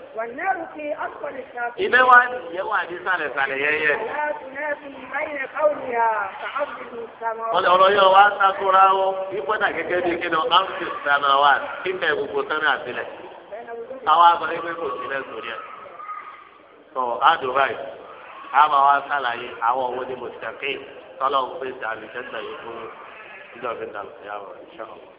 ilé wa yẹ wà ní sàlẹ̀ sàlẹ̀ yẹ́yẹ́. wọ́n ní ọ̀rọ̀ yóò wá sakura o ìpọ́nà gẹ́gẹ́ bí kí ni ọ́nfì sànà wà fífẹ́ gbogbo sànà àfilẹ̀. àwọn abọ́lé pé kò sí lẹ́sùn yẹn. tó a dùn báyìí a máa wá sàlàyé àwọn owó ní mùsùlùmí tọ́lọ́ ń pèsè àlùjẹ́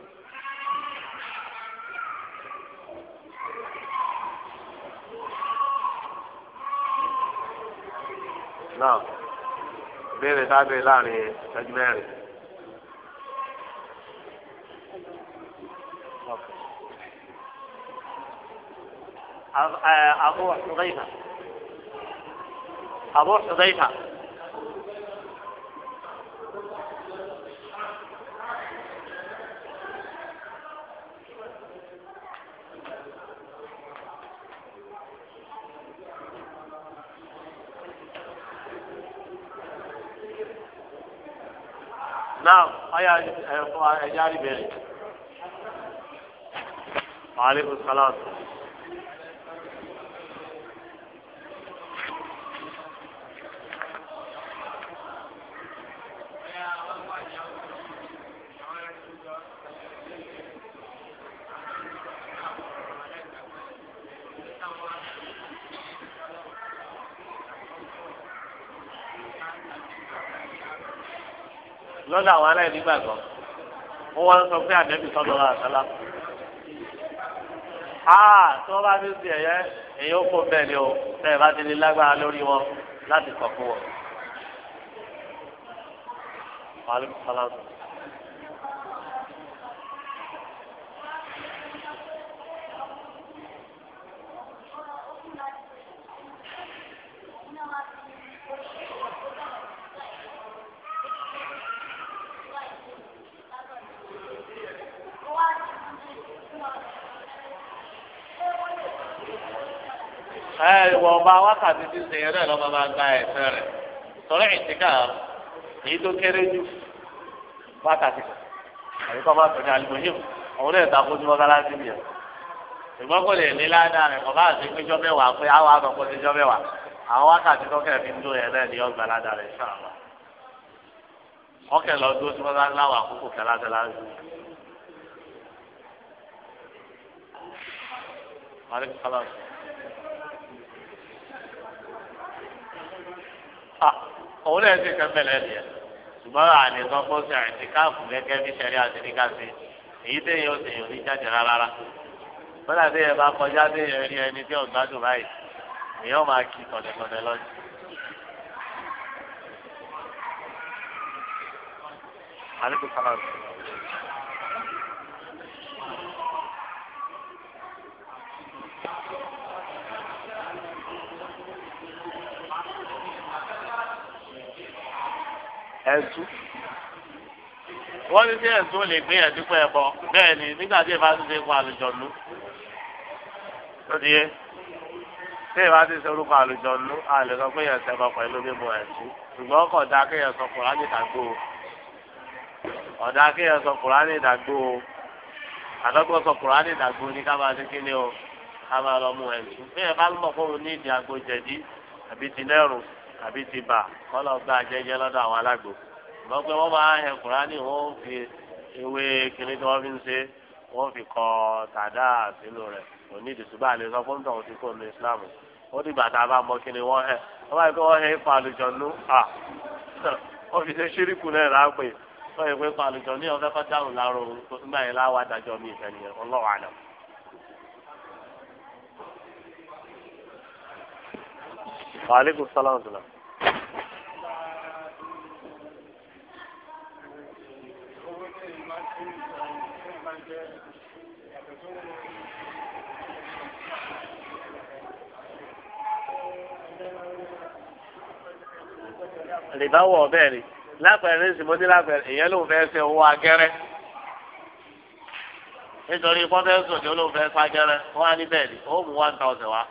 náà béèrè sábẹ́ láàrin ìṣẹ́jú mẹ́rin. أبو حذيفة أبو حذيفة ọyà ẹ̀fọ́ ẹ̀já rí bẹ̀rẹ̀. wàhálà ìbùsùn kálá lọ́dọ̀ àwọn aláìní gbàgbọ́ wọ́n wá ń sọ pé àdẹ́bí sọ́dọ̀ wa àtàlà. aa ah, tí wọ́n bá fi sí ẹ̀yẹ èyí ó kó bẹ́ẹ̀ ni o tẹ́ bá ti ní lágbára lórí wọn láti kọ̀ fún wọn. wàhálà sọ̀rọ̀. ṣe yẹn náà lọ́mọ máa gba ẹ̀sẹ̀ rẹ̀ sọ̀rọ̀ ìtìká èyí tó kéré jù wákàtí àbí kọ́ máa alùpùpù ta ṣùgbọ́n kò lè ní ládàá rẹ̀ kọ́ bá àti péjọ́ mẹ́wàá pé àwọn ti jọ́ mẹ́wàá àwọn wákàtí tó kẹ̀ fi ń dún ni ọgbà ládàá rẹ̀ lọ dúró láwọn àkókò òun náà sì kẹ́kẹ́ lẹ́nu yẹn ṣùgbọ́n àlè sọ pé ó ṣe àìsí káàpù gẹ́gẹ́ bí sẹ́rí àtẹ̀ríkà sí èyí tẹ̀ yóò ṣèyàn ní jáde rárá bọ́dà tẹ̀ yẹn bá kọjá tẹ̀ yẹn rí ẹni tí ọ̀gbádùn báyìí èèyàn máa kí tọ̀dẹ̀tọ̀dẹ̀ lọ́jọ́. عليكم السلام ẹ̀sùn wọ́n ní sí ẹ̀sùn lè gbé ẹ̀sùn pẹ̀ bọ̀ bẹ́ẹ̀ ni nígbà tí ìbá ti ṣe kó àlùjọ̀nù lóde yẹ tí ìbá ti ṣe orúkọ àlùjọ̀nù àlè sọ pé yẹn sẹ́kọ̀ pẹ̀lú mímu ẹ̀sùn ṣùgbọ́n ọkọ̀ dá kéèyàn sọ Kùránì ìdàgbò ọ̀dà kéèyàn sọ Kùránì ìdàgbò àdọ́gbọ́n sọ Kùránì ìdàgbò ní ká máa ṣe kí ni o ká máa lọ mú ẹ̀sùn bí ẹ bá ń mọ̀ fóun ní ìdí àgbo jẹ̀dí àbí àbí ti bà kọ́ lọ gba jẹ́jẹ́ lọ́dọ̀ àwọn alágbò ṣùgbọ́n pé wọ́n máa hẹ kùránì wọ́n fi ewé kiri tí wọ́n fi ń ṣe wọ́n fi kọ́ tàdá sínú rẹ̀ òní ìdìsúbà lè sọ fún tọ̀hún tí kò ní Islam ó dìgbà tá a bá mọ kí ni wọ́n hẹ wọ́n bá yẹ kí wọ́n hẹ ipa àlùjọ̀nú à wọ́n fi ṣe ṣíríkù náà láàpẹ̀ wọ́n yẹ pé ipa àlùjọ̀nú yẹn fẹ́ kọ́ dáhùn láàrọ̀ nígbà yẹn láwàá dájọ́ mi ìfẹ́ nìyẹn ọlọ́wàá náà. وعليكم السلام ورحمة الله rìbá wọ̀ bẹ́ẹ̀ ni lápẹ̀rẹ̀ ní sìmọ́tì lápẹ̀rẹ̀ ìyẹn ló ń fẹ́ ṣe owó agẹ́rẹ́ nítorí pọ́tẹ́sì òjò ló ń fẹ́ ṣe agẹ́rẹ́ wọ́n á ní bẹ́ẹ̀ ni ó mú one thousand wá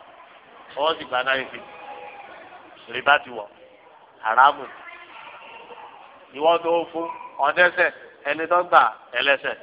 ó sì gba nine fifty rìbá ti wọ̀ haramu ìwọ́n tó fún ọ̀dẹ́sẹ̀ ẹni tó gbà ẹlẹ́sẹ̀.